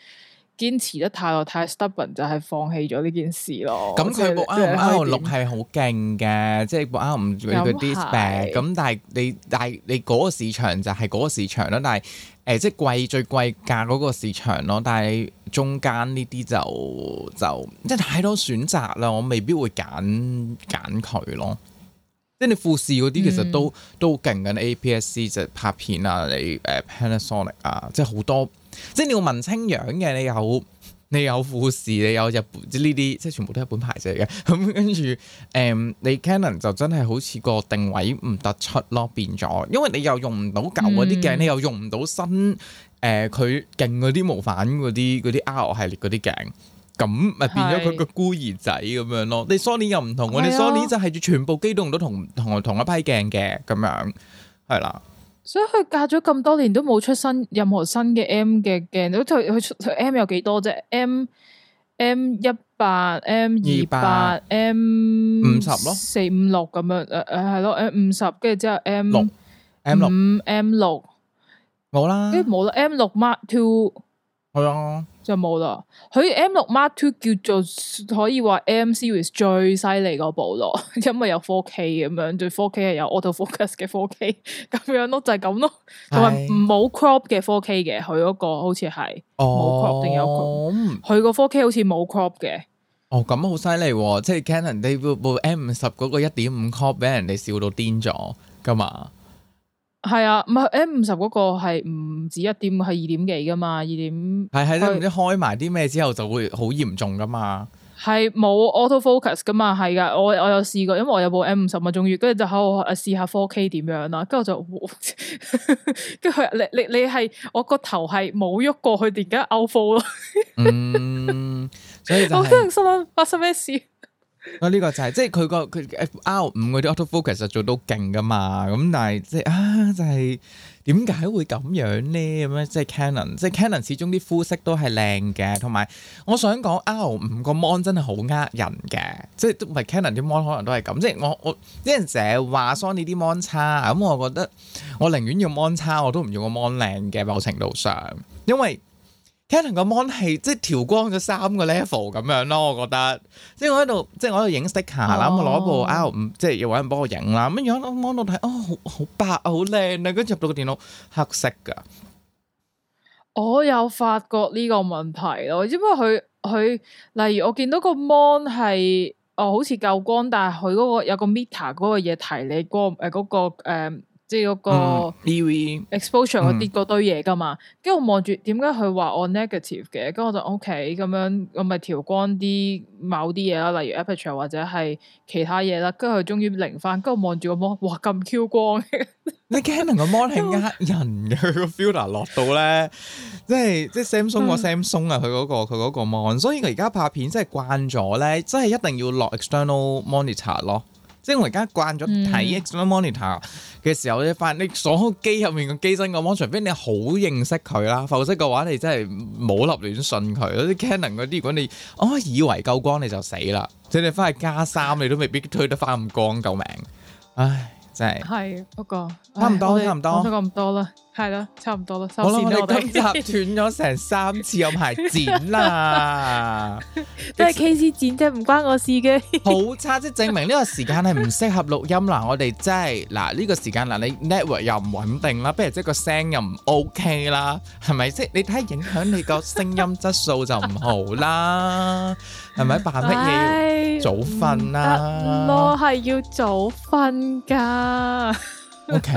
堅持得太耐太 stubborn 就係放棄咗呢件事咯。咁佢部 R5，部 R5< 是 >，R6 係好勁嘅，即係部 R5 佢啲 spare。咁 R 5 但係你 R 5 但係你嗰個市場就係嗰個市場啦。但係誒、呃，即係貴最貴價嗰個市場咯。但係中間呢啲就就，就即係太多選擇啦，我未必會揀揀佢咯。即係你富士嗰啲其實都、嗯嗯、都勁嘅，A P S C 就拍片啊，你誒、呃、Panasonic 啊，即係好多。即係你要問清樣嘅，你有你有富士，你有日本即呢啲，即係全部都係日本牌子嚟嘅。咁跟住誒，你 Canon 就真係好似個定位唔突出咯，變咗。因為你又用唔到舊嗰啲鏡，嗯、你又用唔到新誒佢勁嗰啲無反嗰啲嗰啲 R 系列嗰啲鏡，咁咪變咗佢個孤兒仔咁樣咯。你 Sony 又唔同喎，的你 Sony 就係全部機動都同同同一批鏡嘅咁樣，係啦。所以佢隔咗咁多年都冇出新任何新嘅 M 嘅鏡，佢佢佢 M 有幾多啫？M M、一八 M 二八 M 五十咯，四五六咁樣，誒誒係咯，M 五十跟住之後 M 六 M 五 M 六冇啦，跟住冇啦，M 六 Mark Two 係啊。就冇啦，佢 M 六 Mark Two 叫做可以話 M series 最犀利嗰部咯，因為有 4K 咁樣，對 4K 係有 auto focus 嘅 4K 咁樣咯，就係咁咯，同埋冇 crop 嘅 4K 嘅，佢嗰個好似係冇 crop 定有 crop，佢個 4K 好似冇 crop 嘅。Oh，哦，咁好犀利，即係 Canon 呢部 M 十嗰個一點五 crop 俾人哋笑到癲咗噶嘛？係啊，唔係 M 五十嗰個係唔止一點，係二點幾噶嘛，二點。係係，即係唔知開埋啲咩之後就會好嚴重噶嘛。係冇 auto focus 噶嘛，係噶，我我有試過，因為我有部 M 五十嘛，終於跟住就喺度試下 4K 點樣啦，跟住我就跟住佢，你你你係我個頭係冇喐過，佢點解 out focus？嗯，所以就係、我真係心諗發生咩事。呢個就係、是，即係佢個佢 R 五嗰啲 auto focus 就做到勁噶嘛，咁但係即係啊，就係點解會咁樣呢？咁、就、樣、是、即係 Canon，即係 Canon 始終啲膚色都係靚嘅，同埋我想講 R 五個 mon 真係好呃人嘅，即係都唔係 Canon 啲 mon 可能都係咁，即係我我啲人成日話 Sony 啲 mon 差，咁、嗯、我覺得我寧願要 mon 差，我都唔用個 mon 靚嘅某程度上，因為。睇下個 mon 係即係調光咗三個 level 咁樣咯、啊，我覺得。即係我喺度，即係我喺度影 s 下啦咁我攞部 R5，即係又揾人幫我影啦，咁樣攞 mon 度睇，哦，好好白好靚啊，跟住入到個電腦黑色㗎。我有發覺呢個問題咯，因為佢佢，例如我見到個 mon 係哦，好似夠光，但係佢嗰個有個 meter 嗰個嘢提你嗰誒嗰個、嗯即係嗰個 EV、exposure 嗰啲嗰堆嘢㗎嘛，跟住我望住點解佢話我 negative 嘅？跟住我就 O.K. 咁樣，我咪調光啲某啲嘢啦，例如 aperture 或者係其他嘢啦，跟住佢終於零翻，跟住我望住個 mon，哇咁 Q 光！你 Canon 個 mon 係呃人嘅，佢個 filter 落到咧，即係即係 Samsung 個 Samsung 啊，佢嗰、嗯嗰個佢嗰個 mon，所以佢而家拍片真係慣咗咧，真係一定要落 external monitor 咯。即係我而家慣咗睇 X 光 monitor 嘅時候，你發現你手機入面個機身個光上邊，除非你好認識佢啦。否則嘅話，你真係冇立亂信佢。啲 Canon 嗰啲，如果你哦以為夠光，你就死啦。即係你翻去加三，你都未必推得翻咁光，救命！唉，真係。係不過差唔多，差唔多講咁多啦。係咯，差唔多咯。我諗你今集斷咗成三次有排剪啦，都係 KC 剪啫，唔關我事嘅。好 差，即係證明呢個時間係唔適合錄音啦。我哋即係嗱呢個時間嗱，你 network 又唔穩定啦，不如即係個聲又唔 OK 啦，係咪先？你睇影響你個聲音質素就唔好啦，係咪？ 扮乜嘢？早瞓啦。我係要早瞓噶。 O K，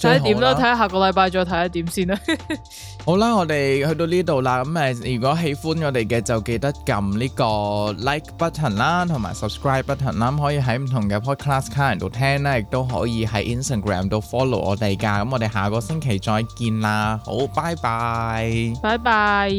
睇下點啦，睇下 下個禮拜再睇下點先啦 好啦，我哋去到呢度啦，咁誒，如果喜歡我哋嘅就記得撳呢個 like button 啦，同埋 subscribe button 啦，可以喺唔同嘅 podcast card 度聽啦，亦都可以喺 Instagram 度 follow 我哋噶，咁我哋下個星期再見啦，好，拜拜，拜拜。